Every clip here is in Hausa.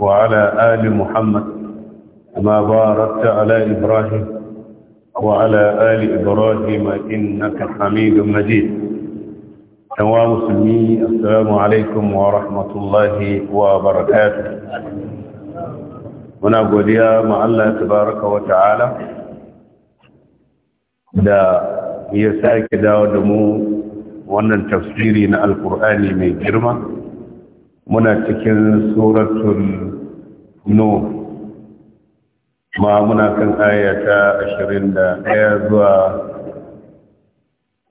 وعلى آل محمد كما باركت على إبراهيم وعلى آل إبراهيم إنك حميد مجيد نواة مسلمي السلام عليكم ورحمة الله وبركاته muna godiya ma Allah tabaraka wa ta'ala da ya sake dawo da mu wannan tafsiri na alkur'ani mai girma muna cikin suratul no ma muna kan aya ta ashirin da ɗaya zuwa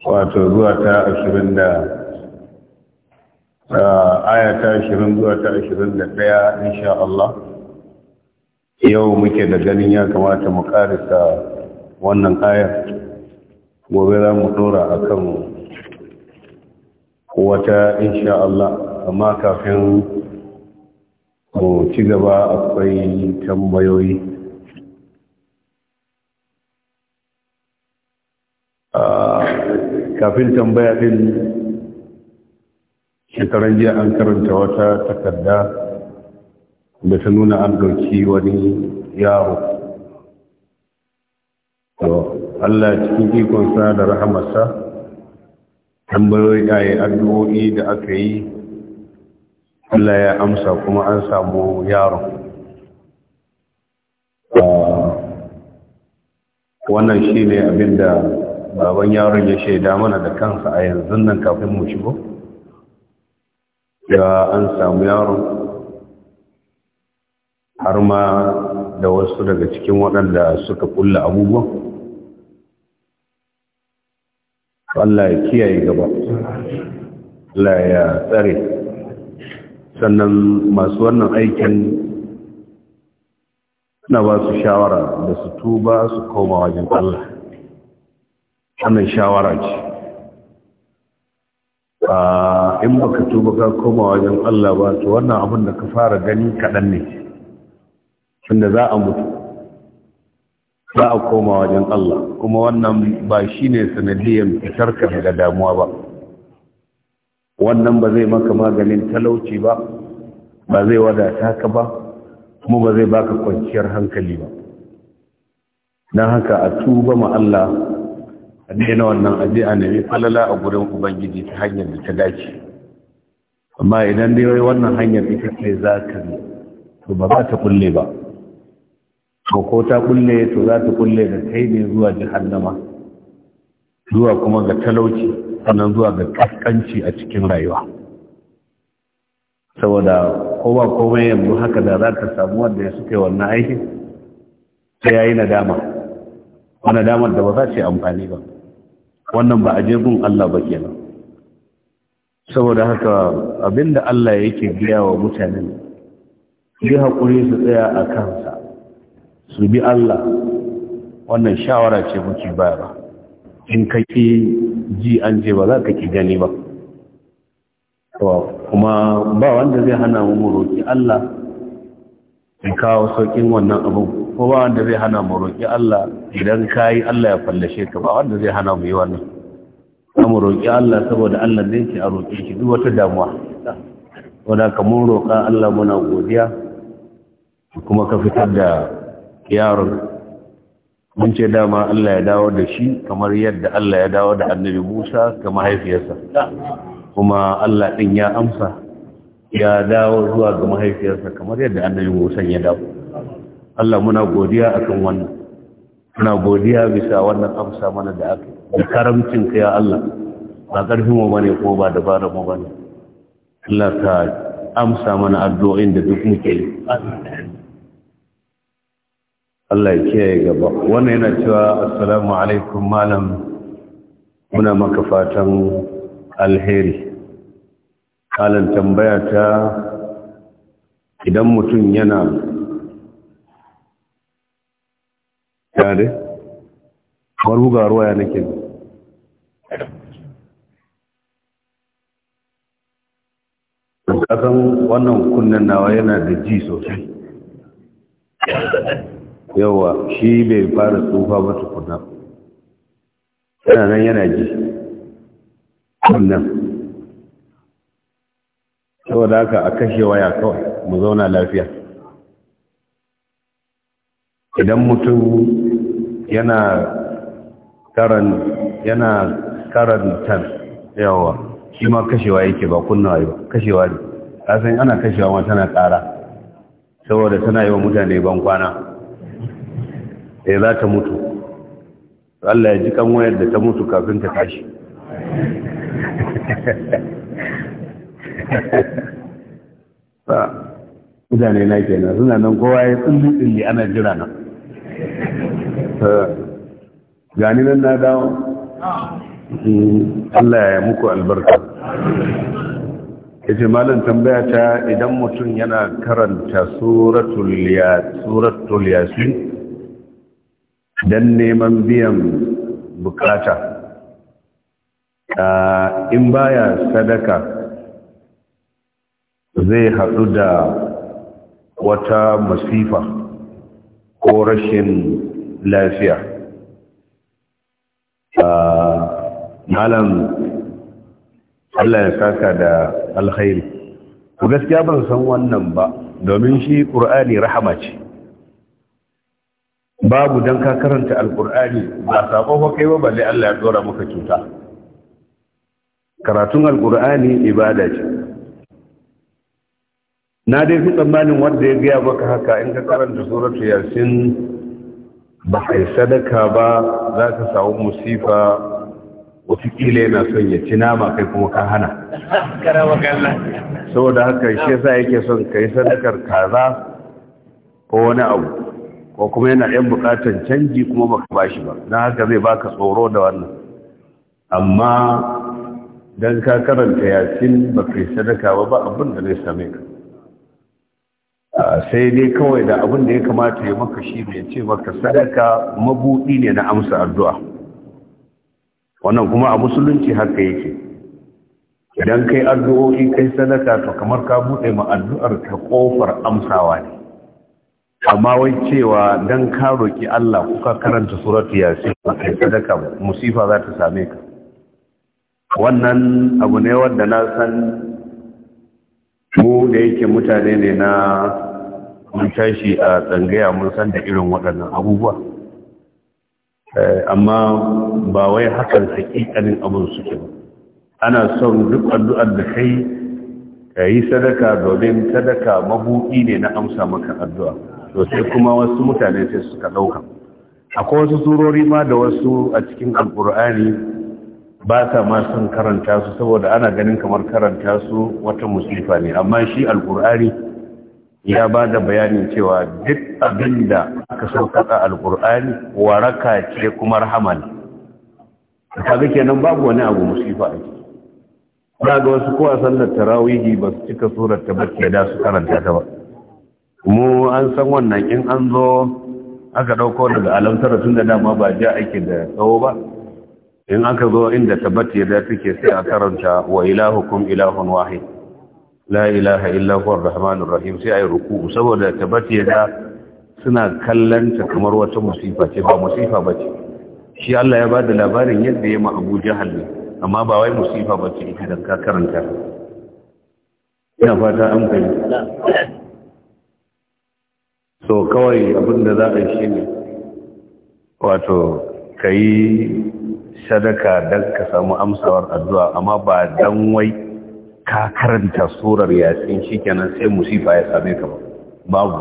wato zuwa ta ashirin da aya ta ashirin zuwa ta ashirin da ɗaya insha Allah yau muke da ganin ya kamata mu karisa wannan ayar gobe za mu ɗora a kan wata insha Allah amma kafin to ci gaba akwai tambayoyi ah, kafin tambaya din shekaran jiya an karanta wata takarda da ta nuna an ɗauki wani yaro to allah cikin ikonsa da rahamarsa tambayoyi da addu'o'i da aka yi Allah ya amsa kuma an samu yaron ah, wannan shi ne da baban yaron ya shaida mana da kansa a yanzu nan kafin mu shigo ya an samu yaron har ma da wasu daga cikin waɗanda suka kulla abubuwan Allah ya kiyaye gaba Allah ya tsare sannan masu wannan aikin na ba su shawara da su tuba su koma wajen Allah wannan shawara ce a in baka tuba ka koma wajen Allah ba to wannan abin da ka fara gani kaɗan ne tunda za a mutu za a koma wajen Allah kuma wannan ba shi ne sanadiyar fitarka daga damuwa ba wannan ba zai maka maganin talauci ba ba zai wadata ka ba kuma ba zai baka kwanciyar hankali ba Na haka a tuba ma Allah a daina wannan aje a nemi falala a gurin ubangiji ta hanyar da ta dace amma idan dai wai wannan hanyar ita ce za ta ne to ba za ta kulle ba ko ko ta kulle to za ta kulle da kai ne zuwa nama. zuwa kuma ga talauci sannan zuwa ga kaskanci a cikin rayuwa saboda kowa komai yanzu haka da za ta samu wanda ya suke wannan aiki sai ya yi nadama wani damar da ba za ce amfani ba wannan ba a je gun Allah ba kenan saboda haka abinda Allah yake biya wa mutanen yi haƙuri su tsaya a kansa su bi Allah wannan shawara ce muke bayarwa in ka ƙi ji an ce ba za ka ƙi gani ba kuma ba wanda zai hana mu roƙi Allah in kawo saukin wannan abu ko ba wanda zai hana mu roƙi Allah idan ka yi Allah ya fallashe ka ba wanda zai hana mu yi wannan mu roƙi Allah saboda Allah zai ce a roƙe shi duk wata damuwa wanda ka mun roƙa Allah muna godiya kuma ka fitar da yaron mun ce dama Allah ya dawo da shi kamar yadda Allah ya dawo da annabi Musa ga mahaifiyarsa kuma Allah din ya amsa ya dawo zuwa ga mahaifiyarsa kamar yadda annabi Musa ya dawo Allah muna godiya akan wannan muna godiya bisa wannan amsa mana da aka da karamcin ka ya Allah ba karfin mu bane ko ba dabarar mu bane Allah ka amsa mana addu'o'in da duk muke yi Allah ya kiyaye gaba wannan yana cewa assalamu alaikum malam muna maka fatan alheri halin tambaya ta idan mutum yana tare kamar buga ruwa ya nake wannan kunnen nawa yana da ji sosai yawa shi bai fara tsufa ba tukuna yana nan yana ji wannan saboda haka a kashe waya kawai mu zauna lafiya idan mutum yana karan yana karantar yawa shi ma kashewa yake ba kunnawa ba kashewa ne kasan ana kashewa ma tana tsara saboda tana yi wa mutane ban kwana eh za ta mutu Allah ya ji kan wayar da ta mutu kafin ta tashi ba mutane na kenan suna nan kowa ya tsulli da ana jira nan gani nan na dawo hmm, Allah ya muku albarka ita malam tambaya ta idan mutum yana karanta suratul yasin don neman biyan bukata in baya sadaka zai haɗu da wata masifa ko rashin lafiya malam Allah ya saka da alkhairi gaskiya ban san wannan ba domin shi ƙur'ani rahama ce babu dan ka karanta alkur'ani ba sako ba kai ba balle Allah ya dora maka cuta karatun alkur'ani ibada ce na dai fi tsammanin wanda ya gaya maka haka in ka karanta suratu yasin ba kai sadaka ba za ka samu musifa watakila yana son ya ci nama kai kuma ka hana saboda haka shi yasa yake son kai sadakar kaza ko wani abu ko kuma yana yan bukatar canji kuma baka ba shi ba don haka zai baka tsoro da wannan amma don ka karanta yasin ba kai sadaka ba ba abin da zai same ka sai dai kawai da abin da ya kamata ya maka shi mai ce maka sadaka mabuɗi ne na amsa addu'a wannan kuma a musulunci haka yake idan kai addu'o'i kai sadaka to kamar ka buɗe ma addu'ar ta ƙofar amsawa ne amma wai cewa dan ka roƙi Allah kuka karanta suratu yasin kai sadaka musifa za ta same ka wannan abu ne wanda na san mu da yake mutane ne na mun tashi a tsangaya mun san da irin waɗannan abubuwa eh, amma ba wai hakan hakikanin abin suke ba ana son duk addu'ar da kai ka yi sadaka domin sadaka mabuɗi ne na amsa maka addu'a to sai kuma wasu mutane sai suka ɗauka akwai wasu surori ma da wasu a cikin alkur'ani ba sa ma son karanta su saboda ana ganin kamar karanta su wata musifa ne amma shi alkur'ani ya ba da bayanin cewa duk abin da aka saukaka alkur'ani waraka ce kuma rahama ne kaga kenan babu wani abu musifa a ciki ga wasu ko a sallar tarawihi ba su cika surar ta bakke da su karanta ta ba mu an san wannan in an zo aka ɗauko daga alamtar tun da dama ba ja ake da tsawo ba in aka zo inda ya dace ke sai a karanta wa ilahukum ilahun wahid la ilaha illa huwa arrahmanur rahim sai ayi ruku'u saboda ya da suna kallanta kamar wata musifa ce ba musifa ce. shi Allah ya bada labarin yadda ya ma Abu Jahal amma ba wai musifa bace idan ka karanta ina fata an fahimta so kawai abin da za a shi ne wato ka yi sadaka don ka samu amsawar addu'a amma ba don wai ka karanta surar yasin shi kenan sai musifa ya same ka babu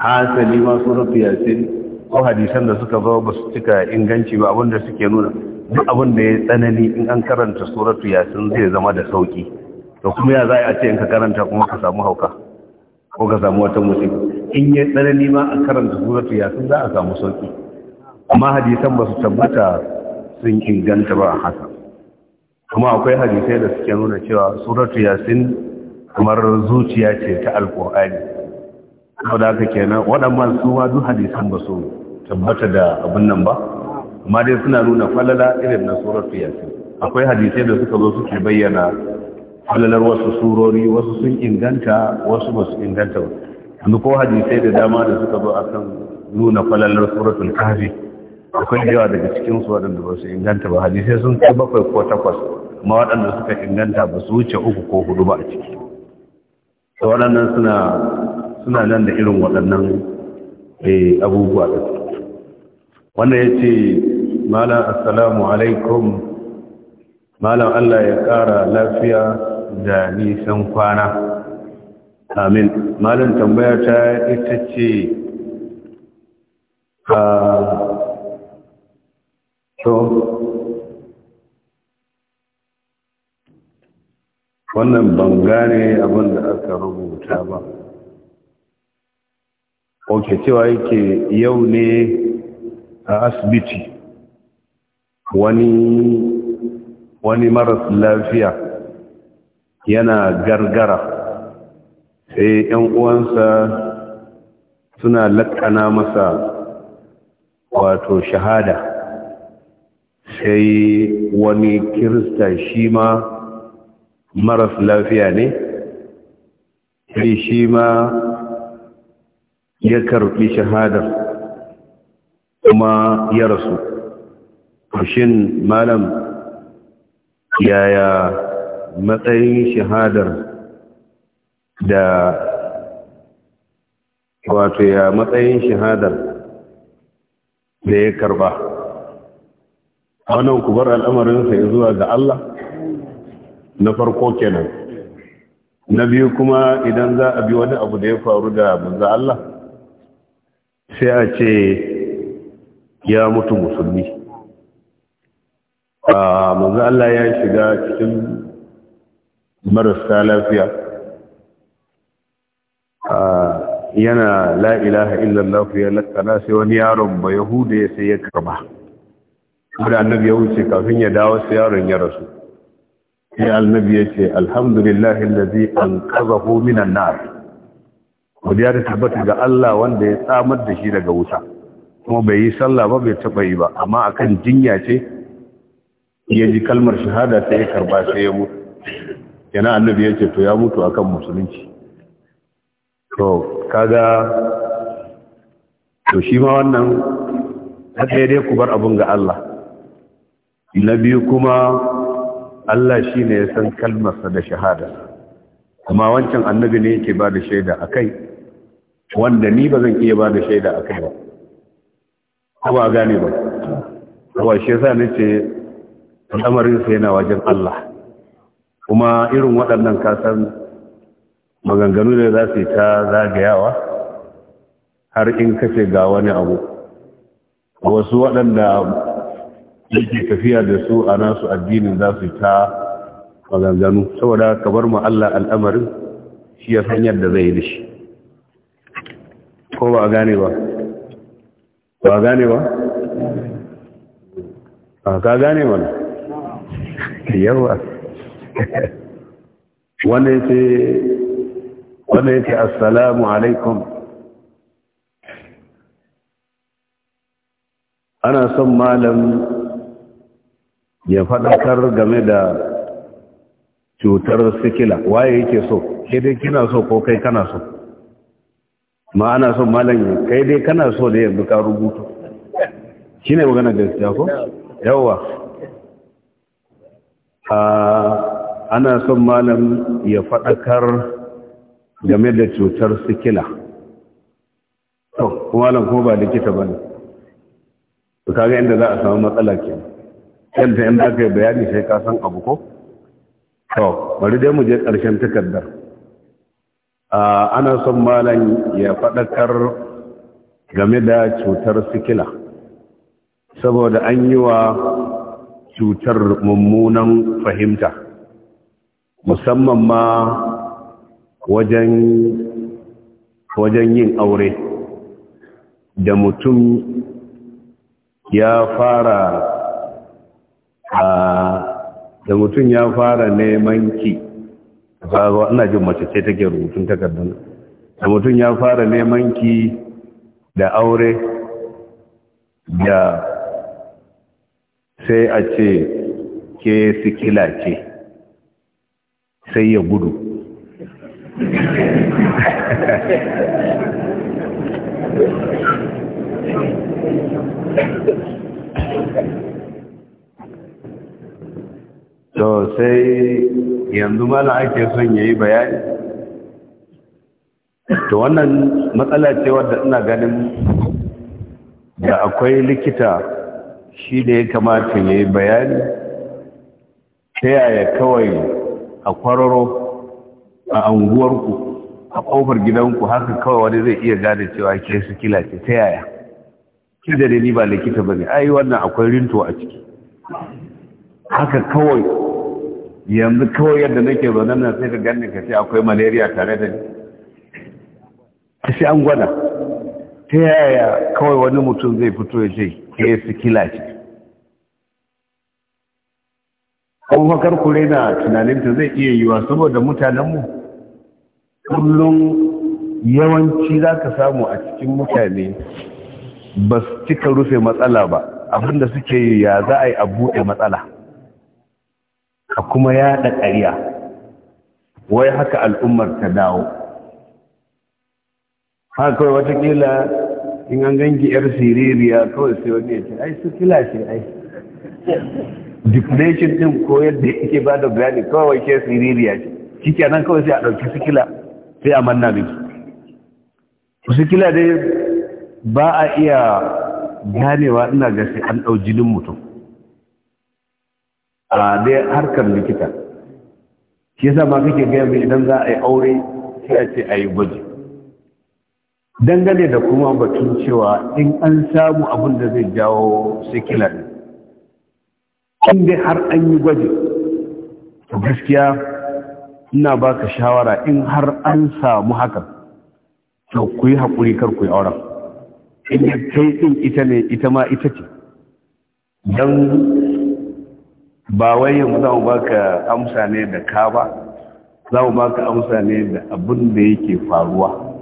hasali ma surar yasin ko hadisan da suka zo ba su cika inganci ba abinda suke nuna duk abinda ya tsanani in an karanta suratu yasin zai zama da sauki to kuma ya za a ce in ka karanta kuma ka samu hauka ko ka samu wata musifa in yi tsanani ma a karanta suratu yasin za a samu sauki amma hadisan ba su tabbata sun inganta ba a haka kuma akwai hadisai da suke nuna cewa suratu yasin kamar zuciya ce ta alkur'ani saboda haka kenan waɗannan su ma duk hadisan ba su tabbata da abin nan ba amma dai suna nuna falala irin na suratu yasin akwai hadisai da suka zo suke bayyana falalar wasu surori wasu sun inganta wasu ba su inganta ba yanzu ko hadisai da dama da suka zo kan nuna falalar suratul kahfi akwai da yawa daga cikin su waɗanda ba su inganta ba hadisai sun ci bakwai ko takwas amma waɗanda suka inganta ba su wuce uku ko hudu ba a ciki da waɗannan suna suna nan da irin waɗannan eh, abubuwa da su wannan ya ce malam assalamu alaikum malam allah ya ƙara lafiya da nisan kwana amin malam tambaya ta ita ce a so wannan ban gane abinda aka rubuta ba ok cewa yake yau ne a asibiti wani wani maras lafiya yana gargara sai ‘yan uwansa suna laƙana masa wato shahada sai wani kirista shi ma maras lafiya ne sai shi ma ya karɓi shahadar kuma ya rasu shin malam yaya matsayin shahadar da wato ya matsayin shahadar da ya karba wannan kubar al'amarinsa ya zuwa ga Allah na farko kenan na biyu kuma idan za a bi wani abu da ya faru da manzo Allah sai a ce ya mutu musulmi a ah, manzo Allah ya shiga cikin marasa lafiya yana la ilaha illallah ya lakana sai wani yaron ba yahuda ya sai ya karba kuma annabi ya wuce kafin ya dawo sai yaron ya rasu sai annabi ya ce alhamdulillahi allazi anqadhahu minan nar godiya da tabbata ga Allah wanda ya tsamar da shi daga wuta kuma bai yi sallah ba bai taba yi ba amma akan jinya ce ya ji kalmar shahada sai ya karba sai ya mutu yana annabi ya ce to ya mutu akan musulunci to kaga to shi ma wannan na ɗaya dai ku bar abin ga Allah na biyu kuma Allah shi ne ya san kalmarsa da shahada amma wancan annabi ne yake ba da shaida a kai wanda ni ba zan iya ba da shaida a kai ba kuma gane ba kuma shi yasa ce lamarinsa yana wajen Allah kuma irin waɗannan kasan maganganu ne za su yi ta zagayawa har in kace ga wani abu wasu waɗanda yake tafiya da su a nasu addinin za su yi ta maganganu saboda ka bar mu Allah al'amarin shi ya san yadda zai yi da shi ko ba a gane ba ba a gane ba a ka gane mana yawa wannan sai wanda yake assalamu alaikum ana son malam ya faɗakar game da cutar sikila waye yake so ke dai kina so ko kai kana so ma ana son malam kai dai kana so da yanzu ka rubutu shi ne magana gaskiya ko yawwa ah, ana son malam ya faɗakar game da cutar sikila to kuma lan ko ba likita bane to kaga inda za a samu matsala ke kanta in aka yi bayani sai ka san abu ko to bari dai mu je karshen takardar ana son malam ya faɗakar game da cutar sikila saboda an yi wa cutar mummunan fahimta musamman ma wajen yin aure da mutum ya fara da mutum ya fara neman ki ina jin mace ce take rubutun takardun da mutum ya fara neman ki da aure da sai a ce ke sikila ce sai ya gudu to sai yanzu mala ake son ya yi bayani to wannan matsala ce wadda ina ganin da akwai likita shi da ya kamata ya yi bayani ta yaya kawai a kwararo a anguwarku a ƙofar gidanku haka kawai wani zai iya gane cewa ke su kila ce ta yaya ki da ni ba likita ba ne ai wannan akwai rinto a ciki haka kawai yanzu kawai yadda nake zaune nan sai ka gani ka ce akwai malaria tare da ni ta sai an gwada ta yaya kawai wani mutum zai fito ya ce ke su kila ce kuma fakar kure na tunaninta zai iya yiwa saboda mutanenmu kullum yawanci za ka samu a cikin mutane ba su cika rufe matsala ba abinda suke yi ya za a yi a buɗe matsala a kuma da ƙarya wai haka al'ummar ta dawo haka kawai watakila in an gangi 'yar siririya kawai sai wani ya ce ai su kila ce ai deflation ɗin ko yadda yake ba da bayani kawai ke siririya ce shi kenan kawai sai a ɗauki kila sai a manna miki kila dai ba a iya ganewa ina ga sai an ɗau jinin mutum a dai harkar likita shi yasa ma kake gaya mai idan za a yi aure sai a ce a yi gwaji dangane da kuma batun cewa in an samu abin da zai jawo sikila ne in dai har an yi gwaji to gaskiya ina baka shawara in har an samu hakan to ku yi haƙuri kar ku yi auren da kai ɗin ita ne ita ma ita ce don ba wai yanzu za mu baka amsa ne da ka ba za mu baka amsa ne da abin da yake faruwa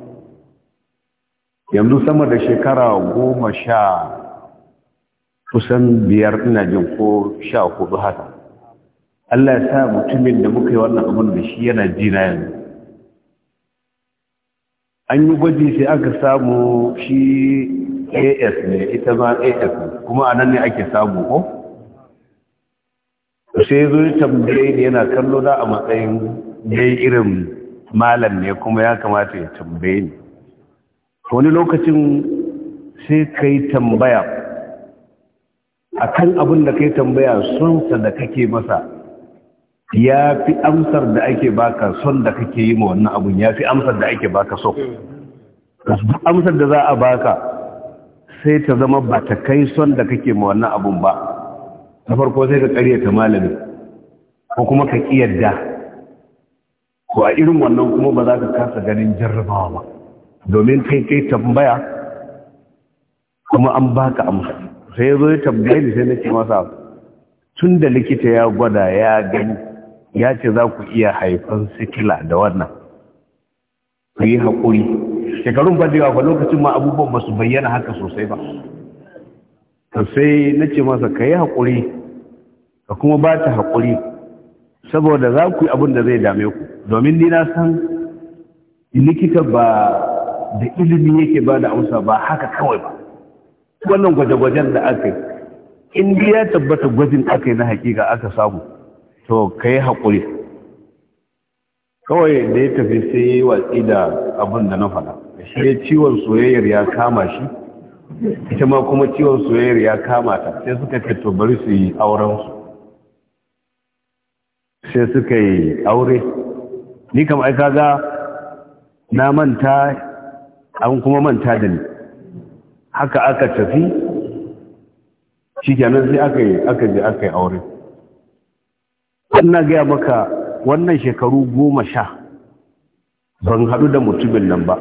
yanzu sama da shekara goma sha kusan biyar ina jin ko sha hudu haka Allah ya sa mutumin da muka yi wannan abin da shi yana jina yanzu an yi gwaji sai aka samu shi as ne ita ma as kuma a nan ne ake samu ko sai zo ya tambaye ni yana kallo na a matsayin ne irin malam ne kuma ya kamata ya tambaye ni wani lokacin sai ka yi tambaya akan abin da ka yi tambaya sunsa da kake masa ya fi amsar da ake baka son da kake yi ma wannan abun ya fi amsar da ake baka so amsar da za a baka sai ta zama ba ta kai son da kake ma wannan abun ba na farko sai ka ta malami ko kuma ka kiyarda ko a irin wannan kuma ba za ka kasa ganin jarrabawa ba domin kai kai tambaya kuma an baka amsa sai ya zo ya tambaye ni sai na ce masa tun da likita ya gwada ya gani ya ce za ku iya haifan sikila da wannan ku yi haƙuri shekarun bajewa ba lokacin ma abubuwan ba bayyana haka sosai ba ka sai na ce masa ka yi haƙuri ka kuma ba ta haƙuri saboda za ku yi abin da zai dame ku domin ni na san likita ba da ilimi yake ba da amsa ba haka kawai ba wannan gwaje-gwajen da aka yi indiya ya tabbata gwajin aka yi na hakika aka samu to ka yi haƙuri kawai da ya tafi sai ya yi watsi da abin da na faɗa shi ya ciwon soyayyar ya kama shi ita ma kuma ciwon soyayyar ya kama ta sai suka ce to bari su yi aurensu sai suka yi aure ni kam ai kaga na manta an kuma manta da ni haka aka tafi shi kenan sai aka yi aka je aka yi aure ina gaya maka wannan shekaru goma sha ban haɗu da mutumin nan ba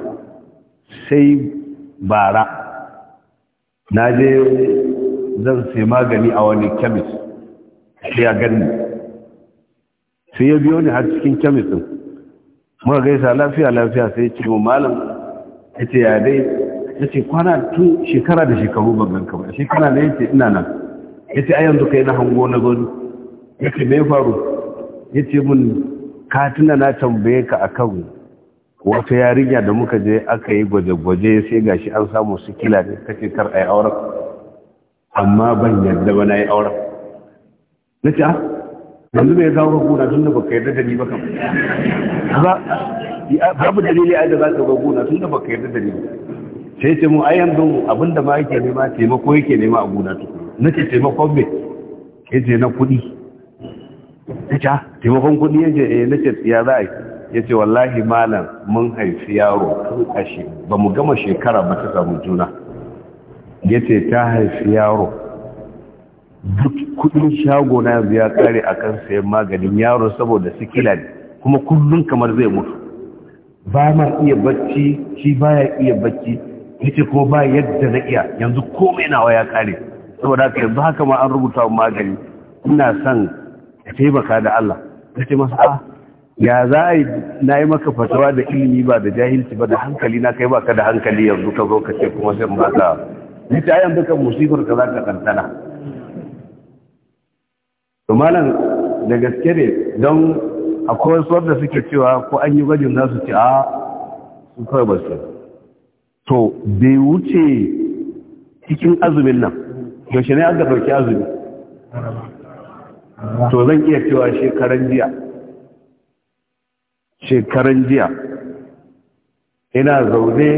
sai bara na je zan sai magani a wani kemis sai ya gani sai ya biyo ni har cikin kemis ɗin muka gaisa lafiya lafiya sai ya ce mu malam ya ce ya dai ya ce kwana tun shekara da shekaru ban ganka ba shekara ne ya ce ina nan ya ce a yanzu kai na hango na gani ce mai faru ya ce mun katina na tambaye ka kan wata yarinya da muka je aka yi gwaje-gwaje sai gashi an samu sikila ne kace kar a yi auren amma ban yadda ba na yi auren na ce ah, yanzu mai zawo guna tun da baka yarda da ni ba ba babu dalili ai da za ka guna tun da baka yarda da ni sai ce mu ai yanzu abinda ma yake nema taimako yake nema a guna tukuru na ce taimakon me ce na kuɗi ta taimakon kudi ya ce ah, eh, na ce ya za a ya ce wallahi malam mun haifi yaro tun kashi ba mu gama shekara ba ta samu juna ya ce ta haifi yaro duk kudin shago na yanzu ya kare a kan sayan maganin yaro saboda sikila ne kuma kullum kamar zai mutu ba ma iya bacci shi ba ya iya bacci ya ce ko ba yadda na iya yanzu komai nawa ya kare saboda haka yanzu haka ma an rubuta magani ina son ka taimaka da Allah ka ce masa a ah, ya za a yi na yi maka fatawa da ilimi ba da jahilci ba da hankali na kai baka da hankali yanzu ka zo ka ce kuma sai ba ka ni ta yanzu duka musibar ka za ka kantana to malam da gaske ne don akwai wasu wanda suke cewa ko an yi gwajin za su ce a ah, su kawai ba su to bai wuce cikin azumin nan yaushe ne aka ɗauki azumi to zan iya cewa shekaran jiya shekaran jiya ina zaune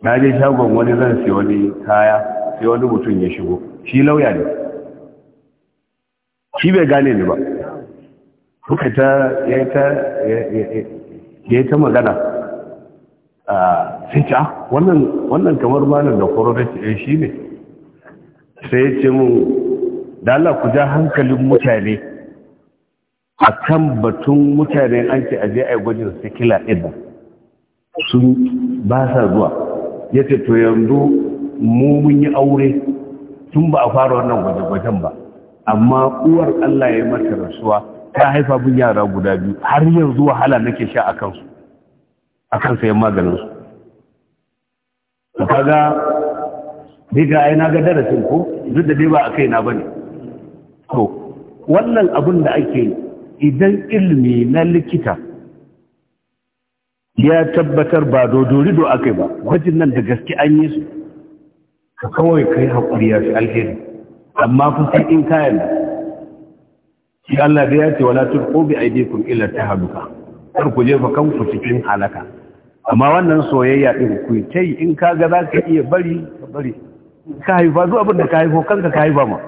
na je shagon wani zan sai wani kaya sai wani mutum ya shigo shi lauya ne shi bai gane ni ba suka ta ya ta magana sai ta ah, wannan kamar malam da kwararra shi ne sai ya ce mun da Allah ku ja hankalin mutane a kan batun mutane an ce aje a yi gwajin sikila ɗin sun ba sa zuwa ya ce to yanzu mu mun yi aure tun ba a fara wannan gwaje-gwajen ba amma uwar Allah ya yi mata rasuwa ta haifa bin yara guda biyu har yanzu wahala nake sha a kansu a kan sayan maganinsu kaga riga ga ai na ga darasin ko duk da dai ba a kai kaina bane to wannan abin da ake idan ilimi na likita ya tabbatar ba dodorido aka ba gwajin nan da gaske an yi su ka kawai kai haƙuri ya fi alheri amma ku sai in kayan shi Allah da ya ce wala ko bi aydikum ila tahluka kar ku jefa kanku cikin halaka amma wannan soyayya din ku tai in kaga zaka iya bari ka bari ka haifa zuwa abin da ka haifo kanka ka haifa ma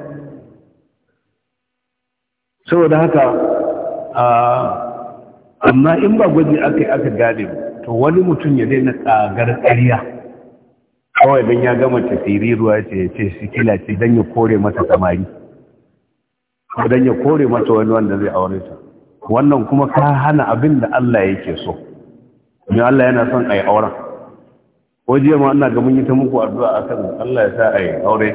saboda haka amma in ba gwaji aka yi aka gane to wani mutum ya daina tsagar ƙarya kawai don ya gama tafiri ruwa ce ya ce sikila ce don ya kore mata samari don ya kore mata wani wanda zai aure ta wannan kuma ka hana abin da Allah yake so ne Allah yana son a yi auren ko jiya ma ana ga mun yi ta muku addu'a akan Allah ya sa a yi aure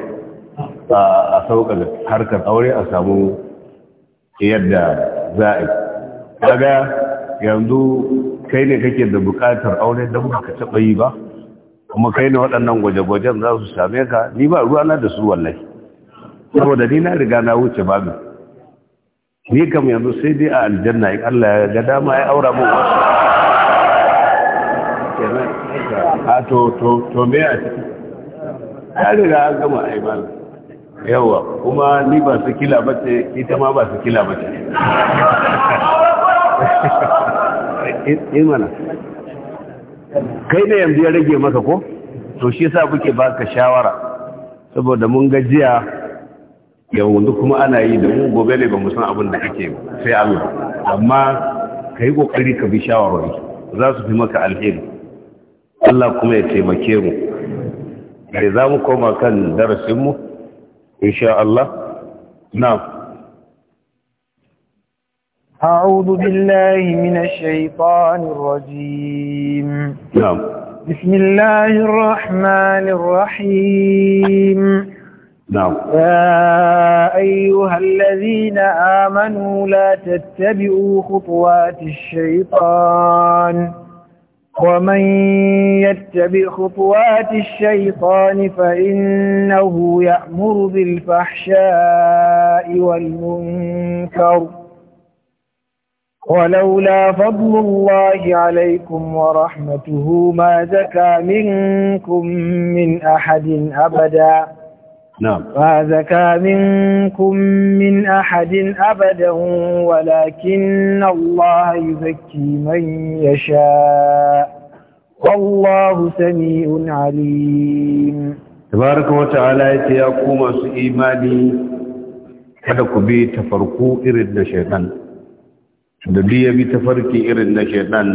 a sauƙa harkar aure a samu yadda za a yi kaga yanzu kai ne kake da bukatar aure da baka taba yi ba kuma kai ne waɗannan gwaje-gwajen za su same ka ni ba ruwana da su wallahi saboda ni na riga na wuce ba mu ni kam yanzu sai dai a aljanna in Allah ya ga dama ya aura mun wasu a to to to me a ciki ya riga an gama aimanin yawa kuma ni ba su kila bace ita ma ba su kila bace imana eh, eh kai ne yanzu ya rage maka ko to shi sa kuke baka shawara saboda mun gajiya yanzu kuma ana yi da mun gobe ne ba mu san abin da kake sai Allah amma kai kokari ka bi shawarwari za su fi maka alheri Allah kuma ya taimake mu da za mu koma kan darasin mu إن شاء الله نعم أعوذ بالله من الشيطان الرجيم نعم بسم الله الرحمن الرحيم نعم يا أيها الذين آمنوا لا تتبعوا خطوات الشيطان ومن يتبع خطوات الشيطان فإنه يأمر بالفحشاء والمنكر ولولا فضل الله عليكم ورحمته ما زكى منكم من أحد أبداً نعم فزكى منكم من أحد أبدا ولكن الله يزكي من يشاء والله سميع عليم تبارك وتعالى يا قوم إيماني kada ku bi tafarku irin na shaidan da ya bi tafarki irin na shaidan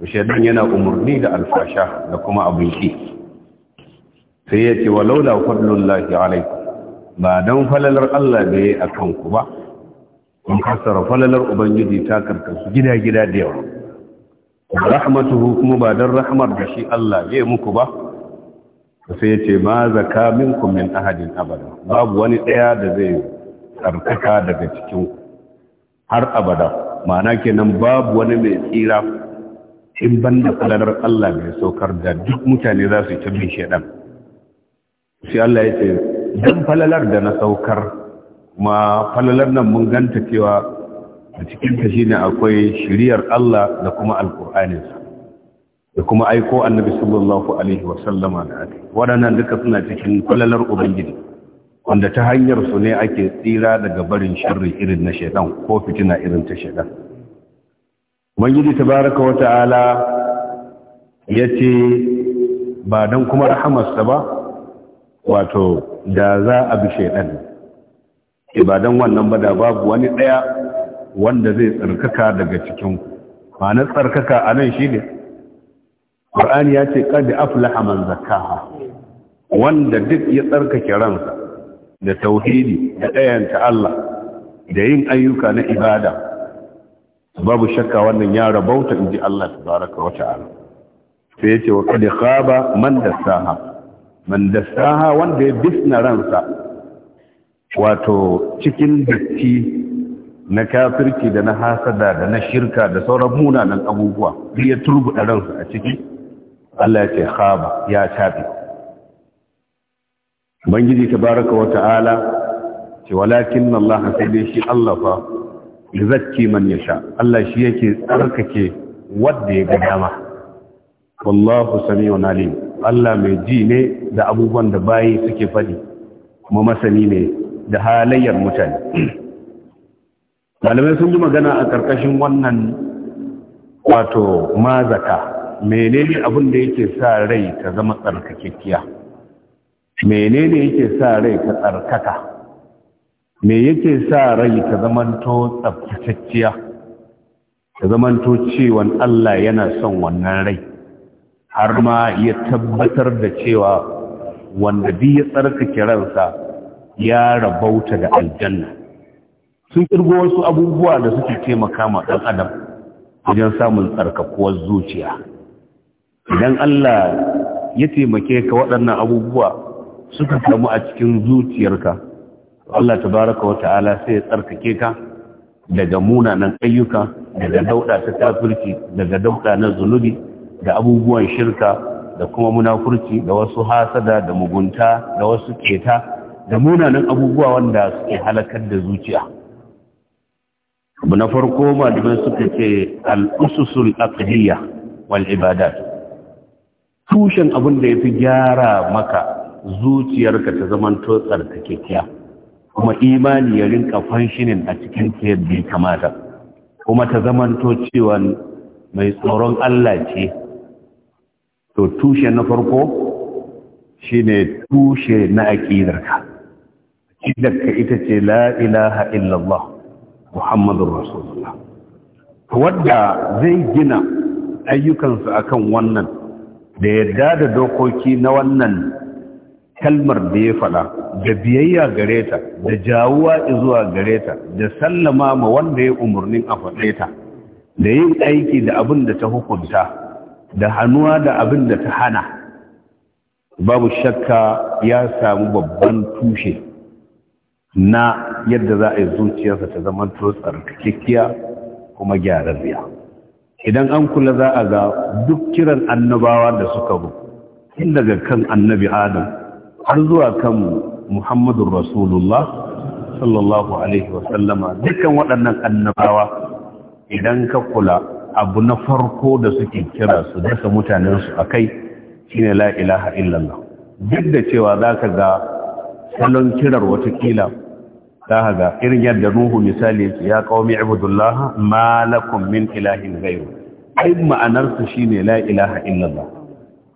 shaidan yana umarni da alfasha da kuma abinci sai ya ce laula fadlullahi alaikum ba don falalar Allah ne a kanku ba kun kasara falalar ubangiji ta karkasu gida-gida da yawa rahmatuhu kuma ba don rahmar da shi Allah ya yi muku ba sai ya ce ma zaka minkum min ahadin abada babu wani ɗaya da zai tsarkaka daga cikin har abada ma'ana kenan babu wani mai tsira in ban da falalar Allah mai saukar da duk mutane za su yi ta shaidan shi Allah ya ce dan falalar da na saukar ma falalar nan mun ganta cewa a cikin ta shine akwai shiriyar Allah da kuma alqur'anin da kuma aiko annabi sallallahu alaihi wa sallama da ake waɗannan duka suna cikin falalar ubangiji wanda ta hanyar su ne ake tsira daga barin sharri irin na shaidan ko fitina irin ta shaidan ubangiji tabaraka wa ta'ala ya ce ba don kuma rahamarsa ba wato da za a bi shaidan ibadan eh, wannan ba da babu wani ɗaya wanda zai tsarkaka daga cikin ku. ma'anar tsarkaka a nan shi ne ƙwar'ani ya ce da aflaha man zakaha wanda duk ya tsarkake ransa da tauhidi da ɗayanta Allah da yin ayyuka na ibada babu shakka wannan ya rabauta in ji Allah baraka wa ta'ala sai ya ce wa ƙadi khaba man da saha. man saha wanda ya bisna ransa wato cikin datti na kafirki da na hasada da na shirka da sauran munanan abubuwa duk ya turbuɗa ransa a ciki Allah ya ce khaba ya tabi bangiji tabaraka wa ta'ala ce walakin Allah sai dai shi Allah fa yuzakki man yasha Allah shi yake tsarkake wanda ya ga dama wallahu wa alim Allah mai ji ne da abubuwan da bayi suke faɗi kuma masani ne da halayyar mutane malamai sun yi magana a ƙarƙashin wannan wato mazaka menene abin da yake sa rai ta zama tsarkakekiya menene yake sa rai ta tsarkaka me yake sa rai ta zamanto tsabtacciya ta zamanto cewa Allah yana son wannan rai har ma ya tabbatar da cewa wanda bi ya tsarkake ransa ya rabauta da aljanna sun kirgo wasu abubuwa da suke taimaka ma ɗan adam wajen samun tsarkakuwar zuciya idan Allah ya taimake ka waɗannan abubuwa suka samu a cikin zuciyarka Allah ta baraka wa ta'ala sai ya tsarkake ka daga munanan ayyuka daga dauɗa ta kafirci daga dauɗa na zunubi da abubuwan shirka da kuma munafurci da wasu hasada da mugunta da wasu keta da munanan abubuwa wanda suke halakar da zuciya abu na farko malamai suka ce al'ususul aqdiyya wal ibadat tushen abin da yafi gyara maka zuciyarka ta zaman to tsarkakekiya kuma imani ya rinka fanshinin a cikin yadda ya kamata kuma ta zaman to cewa mai tsoron Allah ce to tushe na farko shine tushe na aƙidarka aqidarka ita ce la ilaha illallah muhammadur rasulullah wadda zai gina ayyukansa akan wannan da yadda da dokoki na wannan kalmar da ya faɗa da biyayya gare ta da jawuwa zuwa gare ta da sallama ma wanda ya umarnin a faɗe ta da yin aiki da abin da ta hukunta da hannuwa da abin da ta hana babu shakka ya samu babban tushe na yadda za a yi zuciyarsa ta zama tsotsar cikakkiya kuma gyararriya idan an kula za a ga duk kiran annabawa da suka bu tun daga kan annabi adam har zuwa kan Muhammadu rasulullah sallallahu alaihi wasallama dukkan waɗannan annabawa idan ka kula abu na farko da suke kira su dasa mutanensu a kai shine la ilaha illallah duk da cewa za ka ga salon kirar watakila za ka ga irin yadda ruhu misali ya kawami ibudullah ma lakum min ilahin gairu ai ma'anarsa shine la ilaha illallah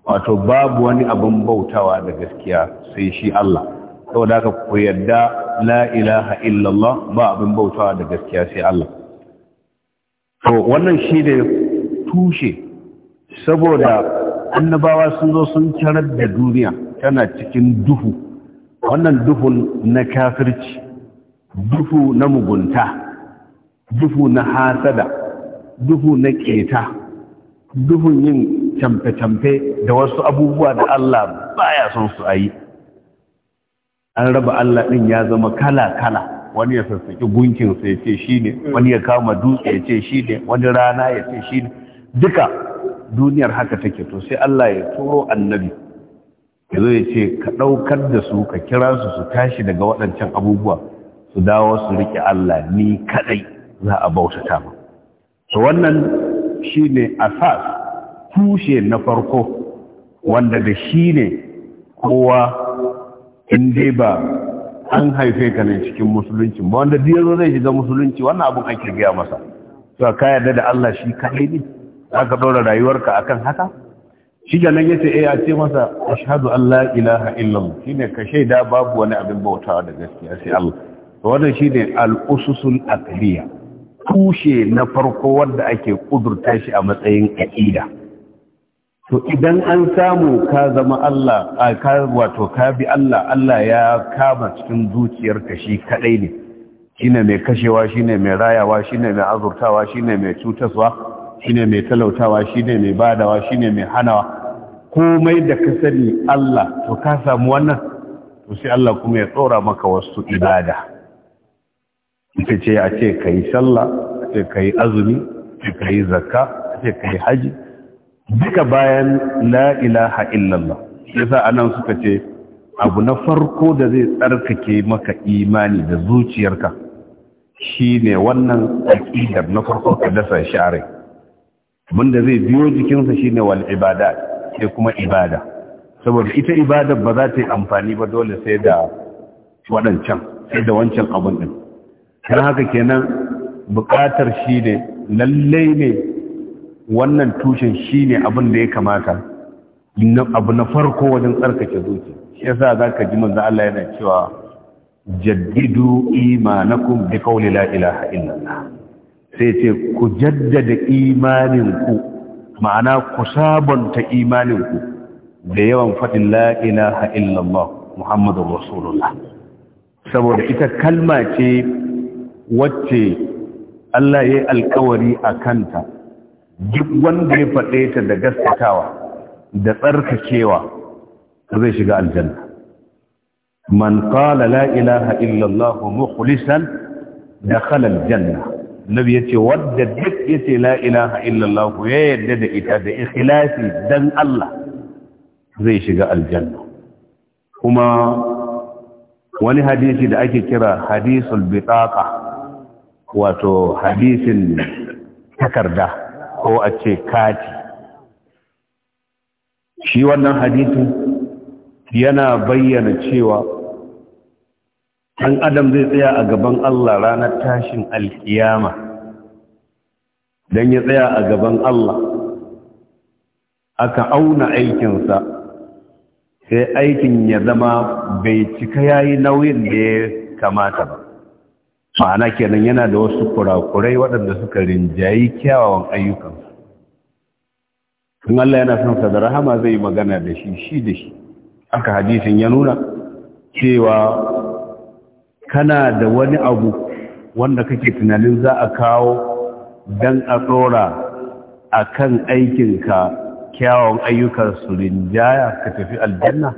wato babu wani abin bautawa da gaskiya sai shi Allah saboda ka ku yadda la ilaha illallah ba abin bautawa da gaskiya sai Allah to wannan shi ne tushe saboda annabawa sun zo sun tarar da duniya tana cikin duhu wannan duhun na kafirci duhu na mugunta duhu na hasada duhu na keta duhun yin camfe-camfe da wasu abubuwa da Allah baya son su a yi an raba Allah ɗin ya zama kala-kala wani ya sassaki gunkinsa ya ce shi ne wani ya kama dutse ya ce shi ne wani rana ya ce shi ne duka duniyar haka take to sai Allah ya turo annabi ya zo ya ce ka ɗaukar da su ka kira su su tashi daga waɗancan abubuwa su dawo su riƙe Allah ni kaɗai za a bautata ba to wannan shi ne asas tushe na farko wanda da shi ne kowa in dai ba an haife ka ne cikin musulunci ba wanda diyar zai shiga musulunci wannan abun ake gaya masa to ka yarda da Allah shi kaɗai ne aka ɗora rayuwarka akan haka shi ga nan yace eh a ce masa ashhadu an la ilaha allah shine ka shaida babu wani abin bautawa da gaskiya sai Allah to wannan shine al-ususul aqliya tushe na farko wanda ake kudurta shi a matsayin aqida to idan an samu ka zama Allah a ka wato ka bi Allah Allah ya kama cikin zuciyarka shi kadai ne shine mai kashewa shine mai rayawa shine mai azurtawa shine mai cutaswa shine mai talautawa shine mai badawa shine mai hanawa komai da ka sani Allah to ka samu wannan to sai Allah kuma ya tsora maka wasu ibada ita ce a ce kai sallah a ce kai azumi a ce kai zakka a ce kai haji duka bayan la ilaha illallah yasa anan suka ce abu na farko da zai tsarkake maka imani da zuciyarka shine wannan aqidar na farko ka dasa share bunda zai biyo jikinsa shine wal ibada sai kuma ibada saboda ita ibada ba za ta yi amfani ba dole sai da wadancan sai da wancan abun din har haka kenan bukatar shine lallai ne wannan tushen shi ne abin da ya kamata abu na farko wajen tsarkake zuci shi yasa ka ji manzan Allah yana cewa jaddidu imanakum bi qawli la ilaha illallah sai ce ku jaddada imaninku ma'ana ku sabonta imaninku da yawan faɗin la ilaha illallah muhammadur rasulullah saboda ita kalma ce wacce Allah ya yi alkawari a kanta duk wanda ya faɗe ta da gaskatawa da tsarkakewa zai shiga aljanna man qala la ilaha illa allah mukhlisan dakhala aljanna nabi yace wanda duk yace la ilaha illa allah ya yadda da ita da ikhlasi dan allah zai shiga aljanna kuma wani hadisi da ake kira hadisul bitaqa wato hadisin takarda ko a ce kati shi wannan hadithu yana bayyana cewa ɗan adam zai tsaya a gaban Allah ranar tashin alkiyama don ya tsaya a gaban Allah aka auna aikinsa sai aikin ya zama bai cika yayi nauyin da ya kamata ba ma'ana kenan yana da wasu kurakurai waɗanda suka rinjayi kyawawan ayyukansa in Allah yana son sa da rahama zai magana da shi shi da shi aka hadisin ya nuna cewa kana da wani abu wanda kake tunanin za a kawo dan a tsora a kan aikinka kyawun ayyukan su rinjaya ka tafi aljanna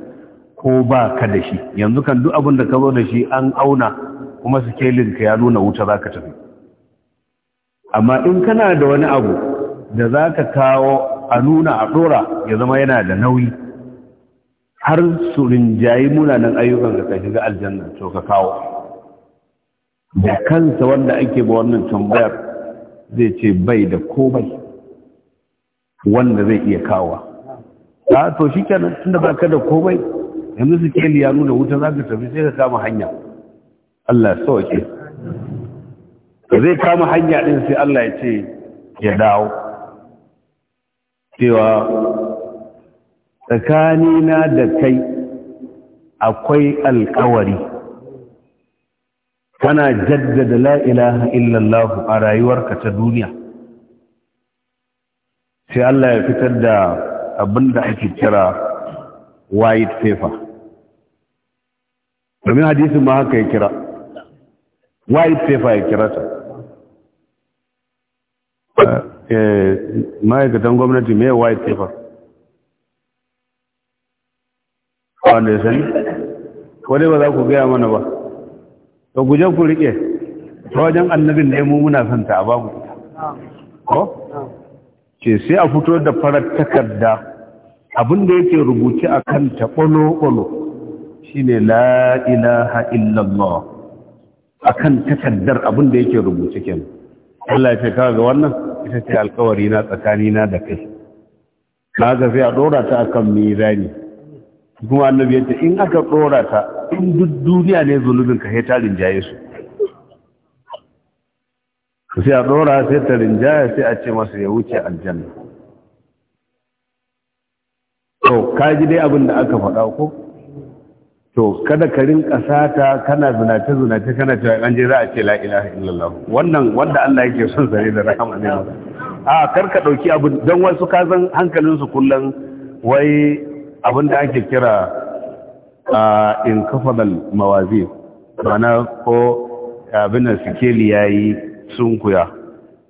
ko ba ka da shi yanzu kan duk abin da ka zo da shi an auna kuma sikelinka ya nuna wuta za ka tafi amma in kana da wani abu da za ka kawo a nuna a ɗora ya zama yana da nauyi har su rinjayi munanan ayyukan ka shiga aljanna to ka kawo da kansa wanda ake ba wannan tambayar zai ce bai da komai wanda zai iya kawo ta to shi kenan tun da baka da komai yanzu su keli ya nuna wuta za ka tafi sai ka kama hanya Allah ya sauke zai kama hanya din sai Allah ya ce ya dawo cewa tsakanina da kai akwai alkawari kana jaddada la'ilaha illallahu a rayuwarka ta duniya sai Allah ya fitar da abin da ake kira white paper domin hadisin ma haka ya kira white paper ya kira ta Eh, ma'aikatan gwamnati mai white paper wanda ya sani ba za ku gaya mana ba ta guje ku riƙe ta wajen annabin da mu muna santa a babu ko? ce sai a fito da farar takarda abinda yake rubuce a kan taɓolo-ɓolo shi ne la'ina illallah a kan takardar abinda yake rubuce kenan Allah ya ce kawo ga wannan ita ce alkawari na tsakanina da kai ga sai a dora ta akan zani kuma annabi yace in aka dora ta in duk duniya ne zunubin ka ta rinjaye su sai a dora sai ta rinjaye sai a ce masa ya wuce aljanna to ji dai abin da aka faɗa ko to kada ka rinka sata kana zinace zinace kana cewa an je za a ce la ilaha illallah wannan wanda Allah yake son sa da rahama ne a kar ka dauki abu dan wasu kazan san hankalin su kullun wai abin da ake kira a in kafadal mawazi mana ko abin da sikeli yayi sunkuya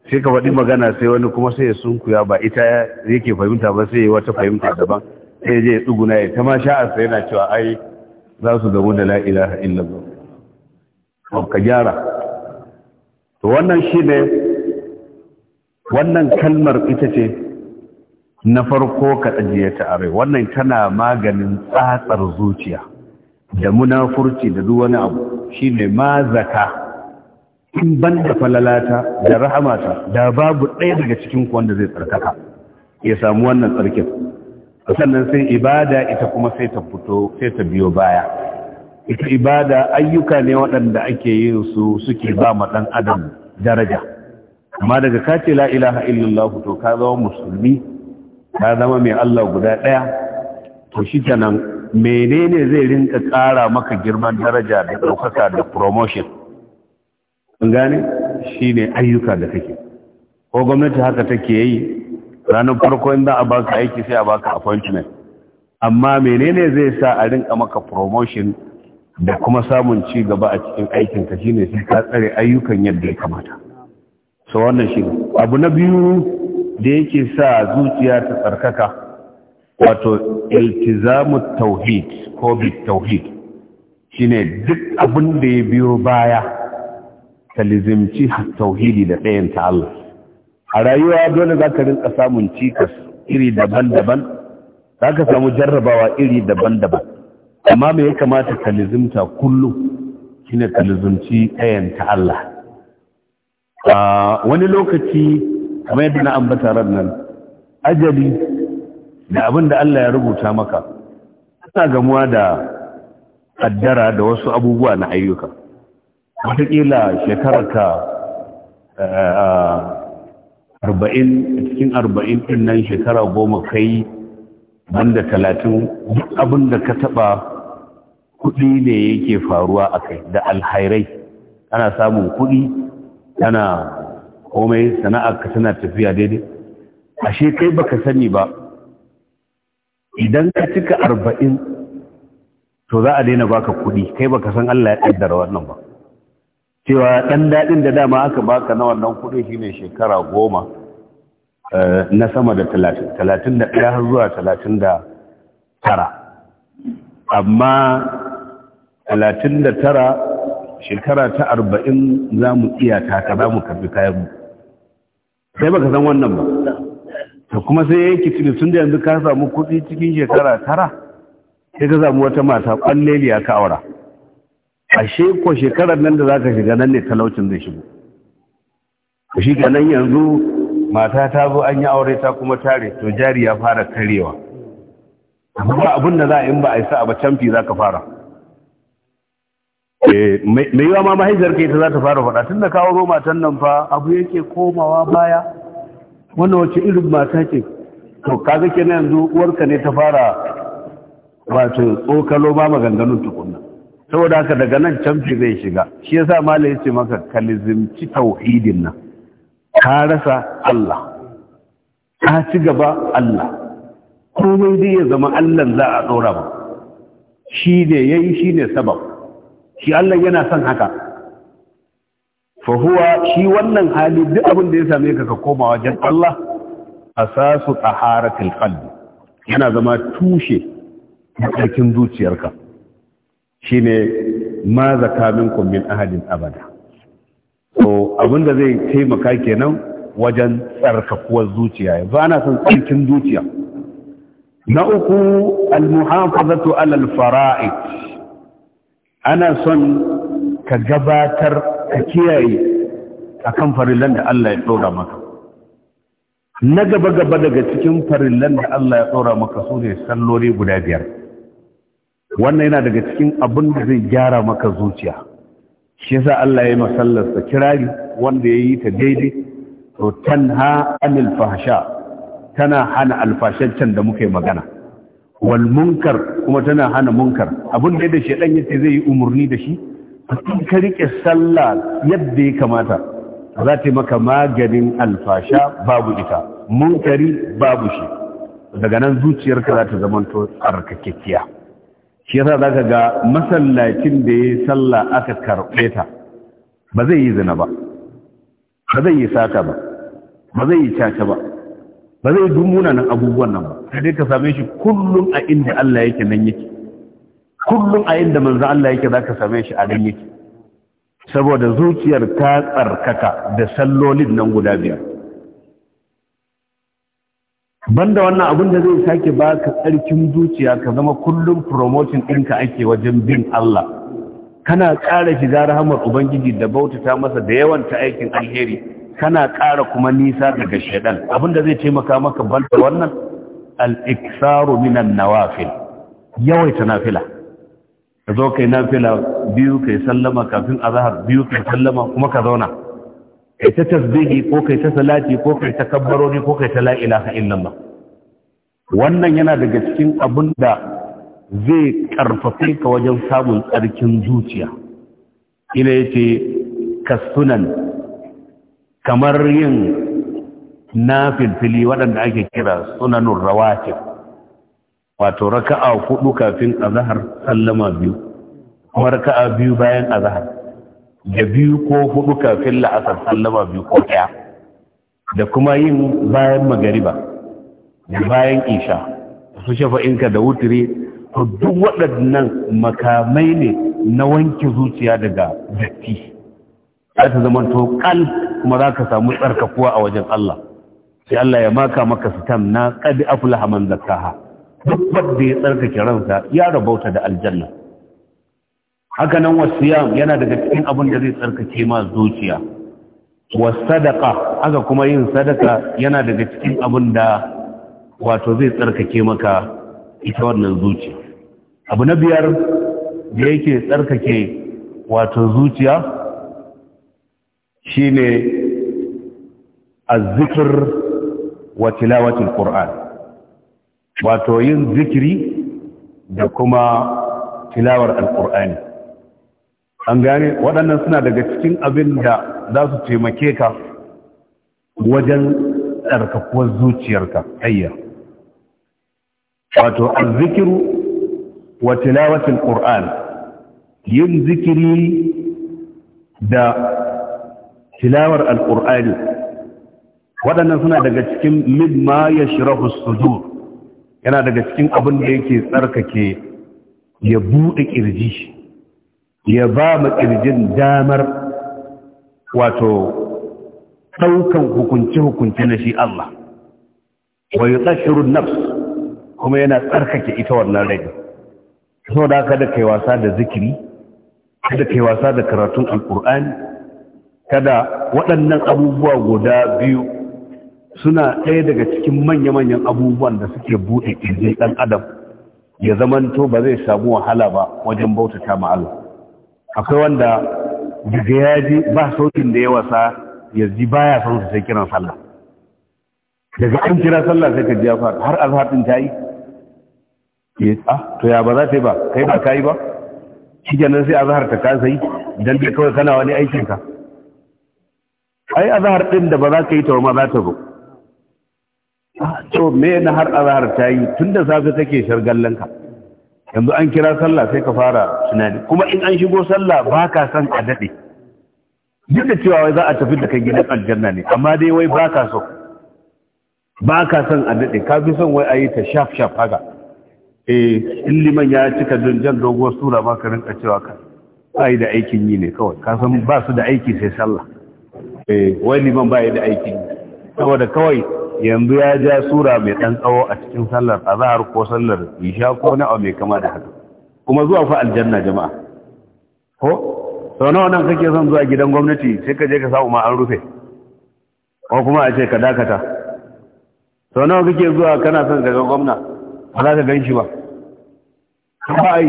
sai ka faɗi magana sai wani kuma sai ya sunkuya ba ita yake fahimta ba sai wata fahimta daban sai je ya tsuguna ya ta ma sha'a yana cewa ai za su zabo da la ilaha illallah ka gyara to wannan shi ne wannan kalmar ita ce na farko ka ajiye ta arai wannan tana maganin tsatsar zuciya da munafurci da duk wani abu shi ne ma zaka in ban da falalata da rahamata da babu ɗaya daga cikin wanda zai tsarkaka ya samu wannan tsarkin sannan sai ibada ita kuma sai ta fito sai ta biyo baya ita ibada ayyuka ne waɗanda ake yi su suke ba ma ɗan adam daraja amma daga ka ce la’ilaha illallah to ka zama musulmi ka zama mai Allah guda ɗaya to shi menene zai rinka ƙara maka girman daraja da ɗaukaka da promotion an gane ne ayyuka da kake ko gwamnati haka take yi ranar farko inda a baka aiki sai a baka appointment amma menene zai sa a rinka maka promotion da kuma samun ci gaba a cikin aikin ka shine sai ka tsare ayyukan yadda ya kamata so wannan shi abu na biyu da yake sa zuciya ta tsarkaka wato iltizamu tauhid ko bi tauhid shine duk abin da ya biyo baya ka lizimci tauhidi da ɗayan ta Allah a rayuwa dole za ka rinka samun cikas iri daban-daban za ka samu jarrabawa iri daban-daban amma mai ya kamata ka lizimta kullum ne ka lizimci ɗayan ta a wani lokaci kamar yadda na ambata ran nan ajali da abin da Allah ya rubuta maka ana gamuwa da addara da wasu abubuwa na ayyuka wataƙila shekararka eh, arba'in cikin arba'in ɗin nan shekara goma kai banda talatin duk abin da ka taɓa kuɗi ne yake faruwa a kai da alhairai ana samun kuɗi ana komai sana'a ka tana tafiya daidai ashe kai baka sani ba idan ka cika arba'in to za a daina baka kuɗi kai baka san Allah ya ƙaddara wannan ba cewa ɗan daɗin da dama aka baka na wannan kuɗin ne shekara goma eh, na sama da talatin talatin da ɗaya har zuwa talatin da tara amma talatin da tara shekara ta arba'in za mu iya taka za mu karbi kayan sai baka san wannan ba ta kuma sai ya yi tuni tun da yanzu ka samu kuɗi cikin shekara tara sai ka samu wata mata ƙwalleliya ka aura ashe ko shekarar nan da za ka shiga nan ne talaucin zai shigo shi nan yanzu mata ta zo an yi aure ta kuma tare to jari ya fara karewa ba abin da za a in ba a yi sa'a ba canfi za ka fara eh, mai yiwa ma mahaifiyar ka ta za ta fara faɗa tun da kawo zo matan nan fa abu yake komawa baya wannan wace irin mata ce to kaga kenan yanzu uwarka ne ta fara wato tsokalo ma maganganun tukunna saboda haka daga nan canfi zai shiga shi ya yasa ya ce maka kalizimci tauhidin nan ka rasa Allah ka ci gaba Allah komai zai ya zama Allah za a tsora ba shi ne yi shi ne sabab shi Allah yana son haka fahuwa shi wannan hali duk abin da ya same ka ka koma wajen Allah a asasu taharatil qalbi yana zama tushe na ɗarkin zuciyarka shine ma zaka minkum min ahadin abada to da zai taimaka kenan wajen tsarkakuwar zuciya ba na son tsarkin zuciya na uku almuhafazatu alal fara'id ana son ka gabatar ka kiyaye akan farillan da Allah ya dora maka na gaba gaba daga cikin farillan da Allah ya dora maka su ne salloli guda biyar wannan yana daga cikin abin da zai gyara maka zuciya shi sa Allah ya yi masallarsa kirari wanda ya yi ta daidai to tanha anil fahsha tana hana alfashancen da muke magana wal munkar kuma tana hana munkar abin da da shedan yace zai yi umurni da shi in ka rike sallah yadda ya kamata za ta maka maganin alfasha babu ita munkari babu shi daga nan zuciyarka za ta zama to tsarkakekkiya shi yasa ka ga masallacin da ya sallah aka karɓe ta ba zai yi zina ba ba zai yi sata ba ba zai yi caca ba ba zai duk munanan abubuwan nan ba sai dai ka same shi kullum a inda Allah yake nan yake kullum a inda manzo Allah yake zaka same shi a nan yake saboda zuciyar ta tsarkaka da sallolin nan guda biyar banda wannan abin da zai sake baka tsarkin zuciya ka zama kullum promotion ɗinka ake wajen bin Allah kana ƙara shiga rahamar ubangiji da bautata masa da yawan ta aikin alheri kana ƙara kuma nisa daga shaidan abin da zai taimaka maka banda wannan al-iksaru minan nawafil yawaita nafila ka zo kai nafila biyu kai sallama kafin azhar biyu kai sallama kuma ka zauna kai ta tasbihi ko kai ta salati ko kai ta kabbaroni ko kai ta la ilaha illallah wannan yana daga cikin abin da zai karfafe ka wajen samun tsarkin zuciya ina yace kasunan kamar yin nafilfili waɗanda ake kira sunanun rawatib wato raka'a hudu kafin azhar sallama biyu kuma raka'a biyu bayan azhar da biyu ko hudu kafin la'asar sallama biyu ko ɗaya da kuma yin bayan magariba da bayan isha su shafa'inka da wutire to duk waɗannan makamai ne na wanke zuciya daga datti za ta zama to kal kuma za ka samu tsarkakuwa a wajen Allah sai Allah ya maka maka sitam na qad aflaha man zakkaha duk wanda ya tsarkake ransa ya rabauta da aljanna haka nan wasiyam yana daga cikin abin da zai tsarkake ma zuciya wasadaka haka kuma yin sadaka yana daga cikin abin da wato zai tsarkake maka ita wannan zuciya abu na biyar da yake tsarkake wato zuciya shine azzikr wa tilawatul qur'an wato yin zikiri da kuma tilawar alqur'ani an gane waɗannan suna daga cikin abin da za su taimake ka wajen tsarkakuwar zuciyarka ayya wato azzikiru wa tilawatul qur'an yin zikiri da tilawar alqur'ani waɗannan suna daga cikin min mimma yashrahu sudur yana daga cikin abin da yake tsarkake ya buɗe kirji ya ba mu ƙirjin damar wato ɗaukan hukunce-hukunce na shi Allah wa yi tsashirun nafs kuma yana tsarkake ita wannan rai so da kada kai wasa da zikiri kada kai wasa da karatun alkur'ani kada waɗannan abubuwa guda biyu suna ɗaya daga cikin manya-manyan abubuwan da suke buɗe ƙirjin ɗan adam ya zamanto ba zai samu wahala ba wajen bautata ma Allah akwai wanda daga ya ji ba sautin da ya wasa ya ji ya son su sai kiran sallah daga an kira sallah sai ka ji ya fara har azhar din ta yi ke ah to ya ba za ta yi ba kai ba ka yi ba shi kenan sai azhar ta kasa yi don da kawai kana wani aikin ka ai azhar din da ba za ka yi ta ma za ta zo ah, to me na har azhar ta yi tun da safe take shargallanka yanzu an kira sallah sai ka fara tunani kuma in an shigo sallah ba ka san a daɗe duk da cewa wai za a tafi da kai gidan aljanna ne amma dai wai ba ka so ba ka san a daɗe ka fi son wai a yi ta shaf shaf haka eh in liman ya cika don jan doguwar sura ba ka rinka cewa ka ba da aikin yi ne kawai ka san ba su da aiki sai sallah eh wai liman ba da aikin yi saboda kawai yanzu ya ja sura mai ɗan tsawo a cikin sallar zahar ko sallar isha ko na mai kama da haka kuma zuwa fa aljanna jama'a ko sau nawa nan kake son zuwa gidan gwamnati sai ka je ka samu ma an rufe ko kuma a ce ka dakata sau nawa kake zuwa kana son daga gwamna ba za ka gan shi ba kuma ai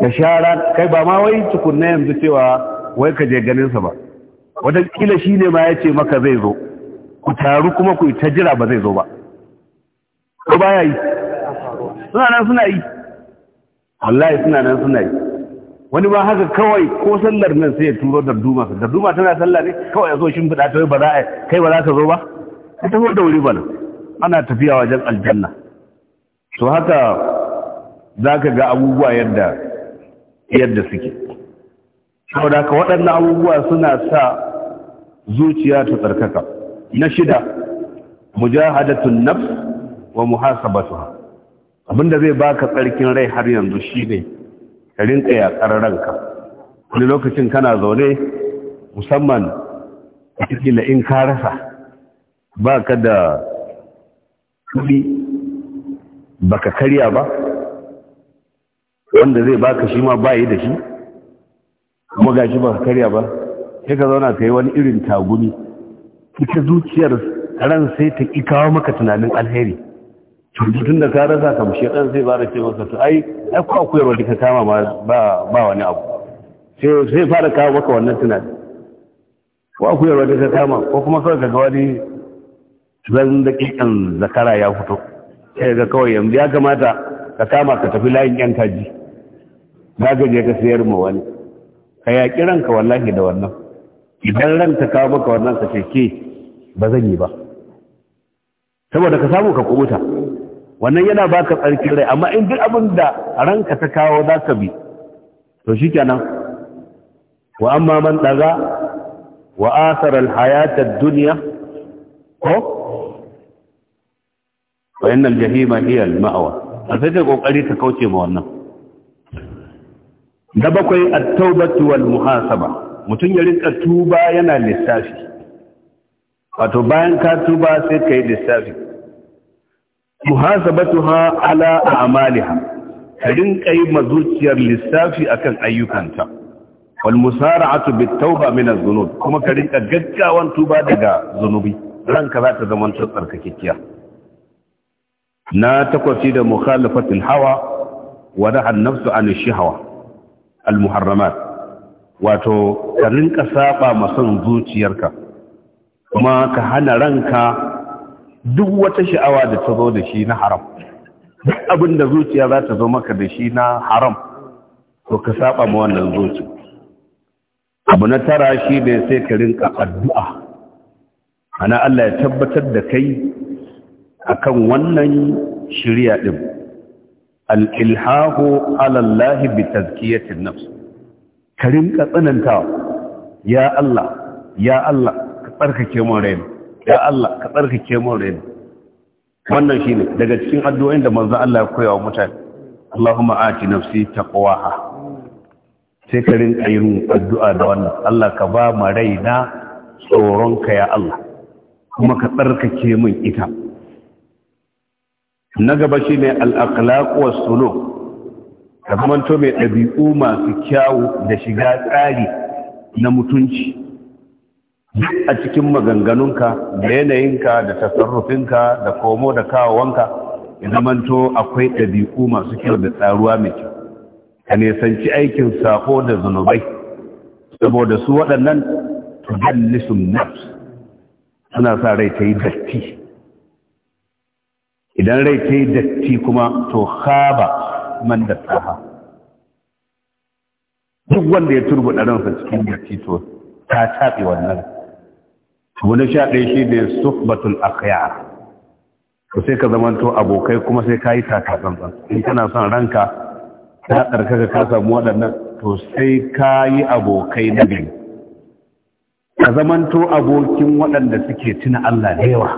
ka shara kai ba ma wai tukunna yanzu cewa wai ka je ganinsa ba wataƙila shi ne ma ya ce maka zai zo ku taru kuma ku ta jira ba zai zo ba ko baya yi suna nan suna yi wallahi suna nan suna yi wani ba haka kawai ko sallar nan sai ya turo darduma darduma tana sallah ne kawai ya zo shin fida ba za a kai ba za ka zo ba ka tafi da wuri bana ana tafiya wajen aljanna to haka za ka ga abubuwa yadda yadda suke saboda ka waɗannan abubuwa suna sa zuciya ta tsarkaka na shida mujahadatun nafs wa muhasabatuha abinda zai baka tsarkin rai har yanzu shine ka rinka yakar ranka wani lokacin kana zaune musamman a cikin in ka rasa ba ka da kuɗi ba ka karya ba wanda zai baka shi ma bayi da shi kuma gashi ba ka karya ba sai ka zauna ka yi wani irin tagumi ita zuciyar ran sai ta ki kawo maka tunanin alheri tun da ka rasa kam mushe dan sai fara ce maka to ai ai ko akwai wani ka kama ba ba wani abu sai sai fara kawo maka wannan tunanin ko akwai wani ka kama ko kuma kawai ka ga wani zan da kikan zakara ya fito sai ga kawai yanzu ya kamata ka kama ka tafi layin yan kaji za gaje je ka sayar ma wani ka yaƙi ranka wallahi da wannan idan ran ta kawo maka wannan ka ce ke ba zan yi ba saboda ka samu ka kubuta wannan yana baka tsarkin rai amma in duk abin da ranka ta kawo za ka bi to shikenan wa amma man daga wa asara alhayata ad-dunya ko fa innal jahima hiya al-ma'wa sai ka kokari ka kauce ma wannan da bakwai at-taubatu wal muhasaba mutum ya rinka tuba yana lissafi wato bayan ka tuba sai ka yi lissafi muhasabatuha ala a'maliha ka rinka yi mazuciyar lissafi akan ayyukanta wal musara'atu bit tauba min az-zunub kuma ka rinka gaggawan tuba daga zunubi ranka za ta zama tsarkakekkiya na takwasi da mukhalafatul hawa wa nahan nafsu an ash al-muharramat wato ka rinka saba masan zuciyarka kuma ka hana ranka duk wata sha'awa da ta zo da shi na haram duk abin da zuciya za ta zo maka da shi na haram to ka saba ma wannan zuci abu na tara shi ne sai ka rinka addu'a ana Allah ya tabbatar da kai akan wannan shirya din al-ilhahu ala Allah bi tazkiyatin nafs ka rinka ya Allah ya Allah ka tsarkake mu raina ya Allah ka tsarkake mu raina wannan shine daga cikin addu'o'in da manzo Allah ya koya wa mutane Allahumma ati nafsi taqwaha sai ka rinka yin addu'a da wannan Allah ka ba mu raina tsoron ka ya Allah kuma ka tsarkake mu ita na gaba shine al-akhlaq was-suluk ka zamanto mai ɗabi'u masu kyawu da shiga tsari na mutunci duk a cikin maganganunka da yanayinka da tasarrufinka da komo da kawowanka ya zamanto akwai ɗabi'u masu kyau da tsaruwa mai kyau ka nesanci aikin sako da zunubai saboda su waɗannan tujallisun nafs suna sa rai ta yi datti idan rai ta yi datti kuma to haba man tsaha duk wanda ya turbuɗa ransa cikin da tito ta taɓe wannan wani sha ɗaya shi ne suhbatul akhyar ko sai ka zamanto abokai kuma sai ka yi taka tsantsan in kana son ranka ta tsarkaka ka samu waɗannan to sai ka yi abokai na biyu ka zamanto abokin waɗanda suke tuna Allah da yawa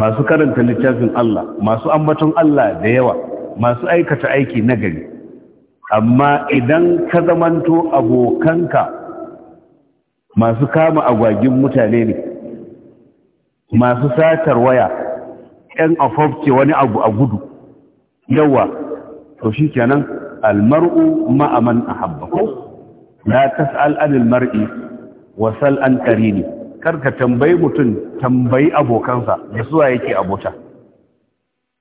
masu karanta littafin Allah masu ambaton Allah da yawa masu aikata aiki na gari amma idan ka zamanto abokanka masu kama agwagin mutane ne masu satar waya ‘yan afofce wani abu a gudu yawa to shi kenan almar'u ma'aman a habba ko Na tas'al anil mar'i wasal an karini karka tambayi mutum tambayi abokansa da suwa yake abota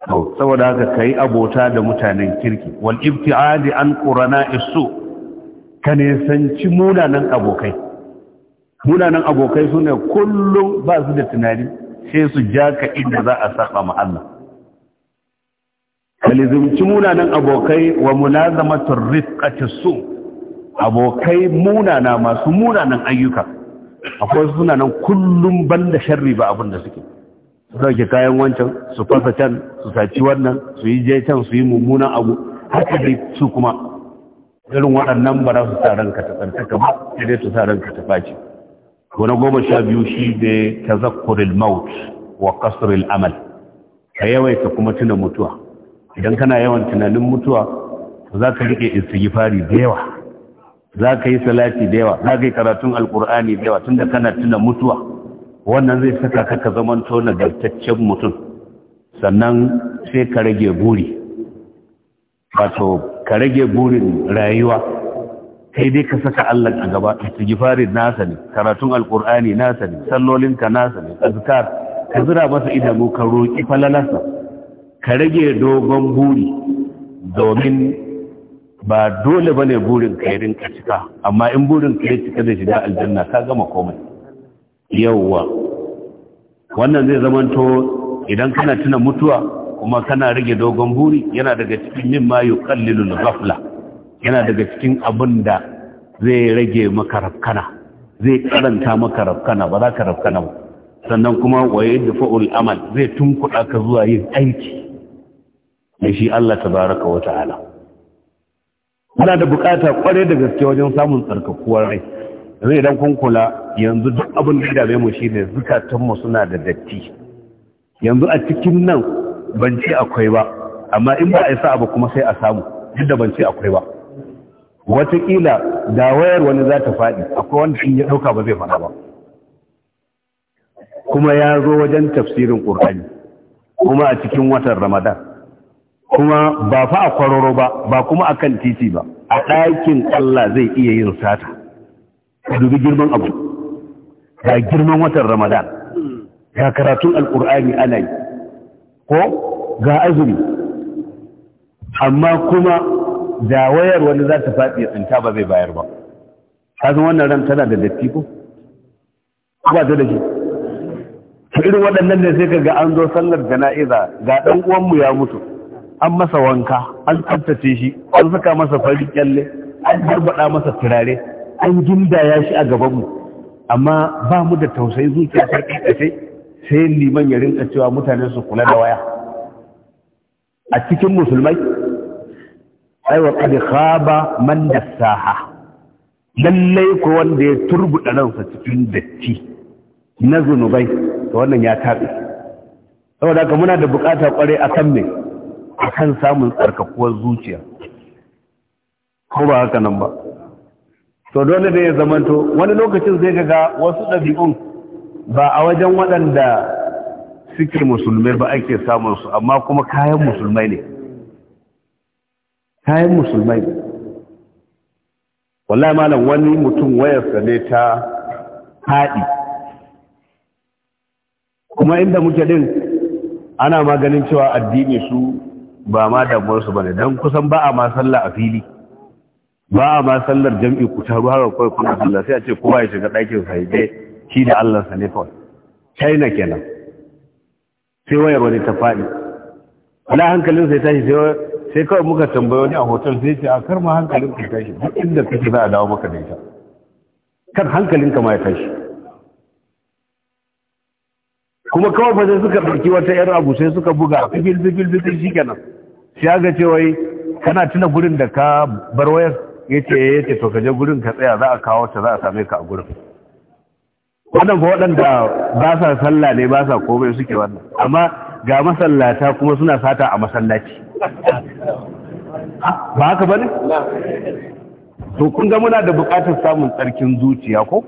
saboda haka ka yi abota da mutanen kirki wal ibti'adi an qurana isu ka nisanci munanan abokai munanan abokai sune kullum ba su da tunani sai su ja ka inda za a saba ma Allah kalizumci munanan abokai wa mulazamatu rifqati su abokai munana masu munanan ayyuka akwai sunanan kullum banda sharri ba abin da suke dauke kayan wancan su fasa can su saci wannan su yi je can su yi mummunan abu haka dai su kuma irin waɗannan ba za su sa ranka ta ba sai dai su sa ranka ta faci wani goma sha biyu shi ne ta tazakkuril maut wa kasril amal ka yawaita kuma tuna mutuwa idan kana yawan tunanin mutuwa za ka rike istighfari da yawa za ka yi salati da yawa za ka yi karatun alkur'ani da yawa tunda kana tuna mutuwa wannan zai saka ka ka zamanto nagartaccen mutum sannan sai ka rage buri wato ka rage burin rayuwa kai dai ka saka Allah a gaba istighfarin nasa ne karatun alqur'ani nasa ne sallolin ka nasa ne azkar ka zira masa idanu ka roki falalasa ka rage dogon buri domin ba dole bane burin ka rinka cika amma in burin ka yi cika da shiga aljanna ka gama komai yawwa wannan zai zamanto idan kana tuna mutuwa kuma kana rage dogon buri yana daga cikin min ma yuqallilul ghafla yana daga cikin abin da zai rage maka zai karanta maka rafkana ba za ka rafkana ba sannan kuma waye faul amal zai tunkuɗa ka zuwa yin aiki da shi Allah tabaraka wa ta'ala muna da bukata kware da gaske wajen samun tsarkakuwar rai yanzu idan kun kula yanzu duk abin da dame mu shi ne mu suna da datti yanzu a cikin nan ban ce akwai ba amma in ba a isa abu kuma sai a samu duk da ban ce akwai ba wataƙila da wayar wani za ta faɗi akwai wanda in ya ɗauka ba zai faɗa ba kuma ya zo wajen tafsirin ƙur'ani kuma a cikin watan ramadan kuma ba fa a kwararo ba ba kuma akan titi ba a ɗakin allah zai iya yin sata ka dubi girman abu ga girman watan ramadan ga karatun alkur'ani ana yi ko ga azumi amma kuma da wayar wani za ta faɗi tsinta ba zai bayar ba kasan wannan ran tana da datti ko ba ta da shi ta irin waɗannan ne sai ka ga an zo sallar jana'iza ga ɗan uwanmu ya mutu an masa wanka an tsabtace shi an saka masa fari kyalle an barbaɗa masa turare an ya shi a gaban mu amma ba mu da tausayi zuciya ta kace sai liman ya rinka cewa mutane su kula da waya a cikin musulmai aiwa kadi khaba man dassaha lallai ko wanda ya turbuɗa ransa cikin datti na zunubai to wannan ya tabe saboda haka muna da bukata kware akan me akan samun tsarkakuwar zuciya ko ba haka nan ba to dole da ya zamanto wani lokacin zai ga wasu ɗabi'un ba a wajen waɗanda suke musulmai ba ake samun su amma kuma kayan musulmai ne kayan musulmai ne wallahi malam wani mutum wayarsa ne ta haɗi kuma inda muke ɗin ana maganin cewa addini su ba ma damuwarsu ba ne don kusan ba a ma a fili ba a ma sallar jam'i ku taru haka kawai kuna sallar sai a ce kowa ya shiga ɗakin sa shi da Allah sa ne kawai china kenan sai wayar wani ta faɗi Wani hankalin sai tashi sai sai kawai muka tambaye wani a hotel sai ce a kar ma hankalin ka tashi duk inda kake za a dawo maka da ita kan hankalinka ma ya tashi kuma kawai fa sai suka ɗauki wata ‘yar abu sai suka buga fifil fifil fifil shi kenan sai aga ce wai kana tuna gurin da ka bar wayar yace eh, yace to kaje gurin ka tsaya za a kawo ta za a same ka a gurin wannan ko waɗanda ba sa sallah ne ba sa komai suke wannan amma ga masallata kuma suna sata a masallaci ba haka bane to kun ga muna da buƙatar samun tsarkin zuciya ko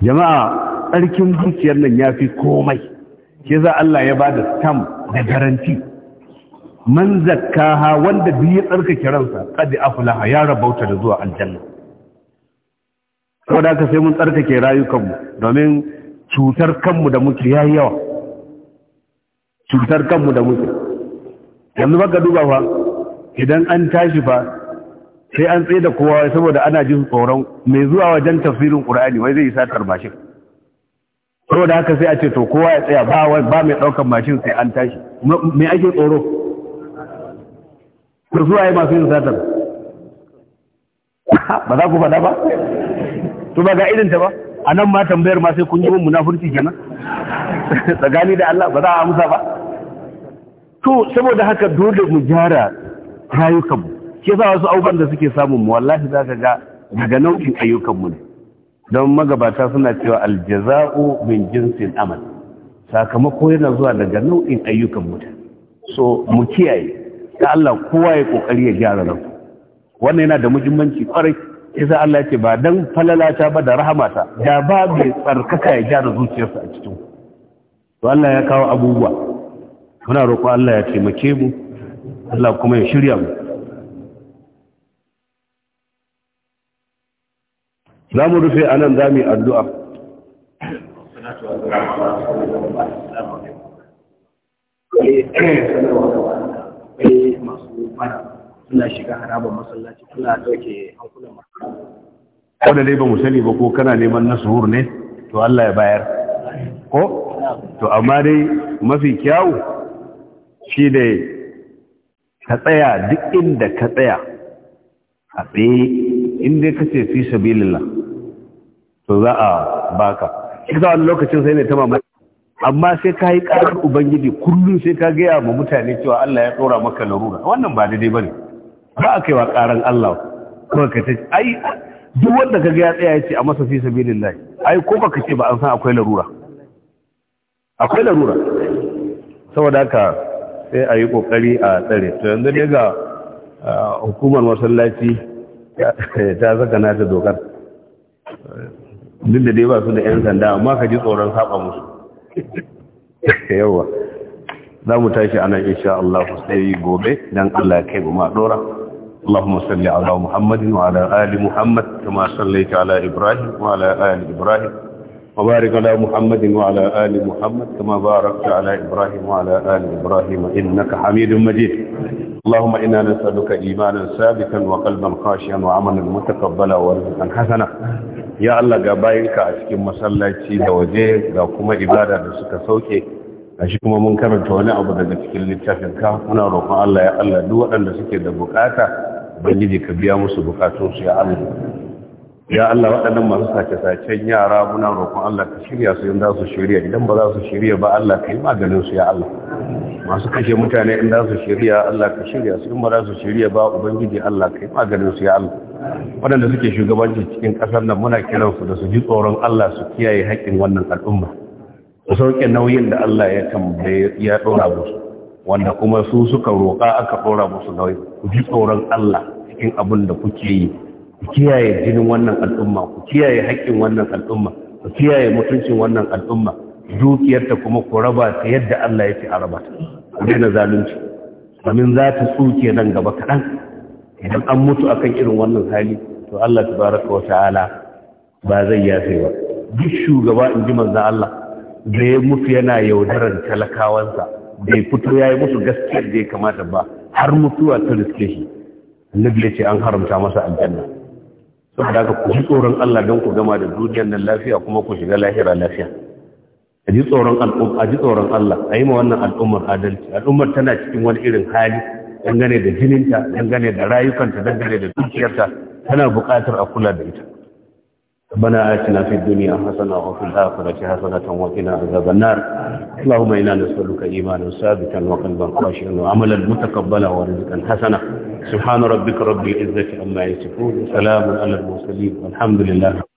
jama'a tsarkin zuciyar nan ya fi komai ke za Allah ya bada da stamp da garanti man zakkaha wanda duk ya tsarkake ransa qad aflaha ya rabauta da zuwa aljanna saboda haka sai mun tsarkake rayukanmu domin cutar kanmu da muke yayi yawa cutar kanmu da muke yanzu baka duba fa idan an tashi fa sai an tsaye da kowa saboda ana jin tsoron mai zuwa wajen tafsirin qur'ani wai zai yi satar mashin saboda haka sai a ce to kowa ya tsaya ba mai ɗaukar mashin sai an tashi me ake tsoro to zuwa yi masu yin satar ba za ku faɗa ba to ba ga irin ta ba a nan ma tambayar ma sai kun yi mun munafurci kenan tsagani da Allah ba za a amsa ba to saboda haka dole mu gyara rayukanmu ke sa wasu abubuwan da suke samun mu wallahi za ka ga daga nau'in ayyukanmu ne don magabata suna cewa aljaza'u min jinsin amal sakamako yana zuwa daga nau'in ayyukan mutane so mu kiyaye da Allah kowa ya kokari ya gyara nan wannan yana da muhimmanci kwarai Idan Allah ce ba dan falalata ba da rahama ta, da ba bai tsarkaka ya gyara zuciyarsa a cikin to Allah ya kawo abubuwa muna roƙo Allah ya taimake mu Allah kuma ya shirya mu za mu rufe a nan za mu yi addu'a Thank you. kwana suna shiga harabar masallaci suna dauke hankulan masallaci wanda dai ba mu sani ba ko kana neman na suhur ne to Allah ya bayar ko to amma dai mafi kyau shi da ka tsaya duk inda ka tsaya a tsaye inda ka ce fi sabilillah to za a baka kisa wani lokacin sai ne ta mamaye amma sai ka yi ƙarar ubangiji kullum sai ka gaya ma mutane cewa Allah ya tsora maka larura wannan ba daidai ba ba a kaiwa ƙarar Allah kuma ka ce, ai duk wanda ka ga ya tsaya ya ce a masa fi sabilin ai ko baka ce ba an san akwai larura akwai larura saboda haka sai a yi kokari a tsare to yanzu dai ga hukumar masallaci ta saka nata dokar duk da dai ba su da 'yan sanda amma ka ji tsoron saba musu yawa za mu tashi a nan insha Allah sai gobe dan Allah ya kai ɗora Allahumma salli ala Muhammadin wa ala ali Muhammad kama sallaita ala Ibrahim wa ala ali Ibrahim wa barik Muhammadin wa ala Muhammad kama barakta ala Ibrahim wa ala ali Ibrahim innaka Hamidum Majid اللهم إنا نسألك إيمانا سابقا وقلبا خاشيا وعملا متقبلا ورزقا حسنا ya Allah ga bayinka a cikin masallaci da waje ga kuma ibada da suka sauke a shi kuma mun karanta wani abu daga cikin littafinka. muna roƙon Allah ya Allah duk waɗanda suke da bukata ubangiji ka biya musu bukatunsu ya Allah ya Allah waɗannan masu sace-sacen yara muna roƙon Allah ka shirya su in za su shirya idan ba za su shirya ba Allah ka yi maganin su ya Allah masu kashe mutane in za su shirya Allah ka shirya su in ba za su shirya ba ubangiji Allah ka yi maganin su ya Allah waɗanda suke shugabancin cikin ƙasar nan muna kiransu da su ji tsoron Allah su kiyaye haƙƙin wannan al'umma su sauke nauyin da Allah ya tambaye ya ɗora musu wanda kuma su suka roƙa aka ɗora musu nauyi ku ji tsoron Allah cikin abin da kuke yi ku kiyaye jinin wannan al'umma ku kiyaye haƙƙin wannan al'umma ku kiyaye mutuncin wannan al'umma dukiyarta kuma ku raba ta yadda Allah ya ce a raba ta ku daina zalunci domin za ta tsuke nan gaba kaɗan idan an mutu akan irin wannan hali to Allah tabaraka wa ta'ala ba zai yafe ba duk shugaba in ji manzon Allah da ya mutu yana yaudaran talakawansa Da ya fito yayi musu gaskiyar da ya kamata ba har mutuwa ta riske shi annabi ya ce an haramta masa aljanna saboda haka ku ji tsoron Allah don ku gama da duniyar nan lafiya kuma ku shiga lahira lafiya a tsoron al'umma a tsoron Allah a yi ma wannan al'ummar adalci al'ummar tana cikin wani irin hali dangane da jininta dangane da rayukanta dangane da dukiyarta tana buƙatar a kula da ita ربنا آتنا في الدنيا حسنة وفي الآخرة حسنة وقنا عذاب النار اللهم إنا نسألك إيمانا ثابتا وقلبا خاشعا وعملا متقبلا ورزقا حسنا سبحان ربك رب العزة عما يصفون سلام على المرسلين والحمد لله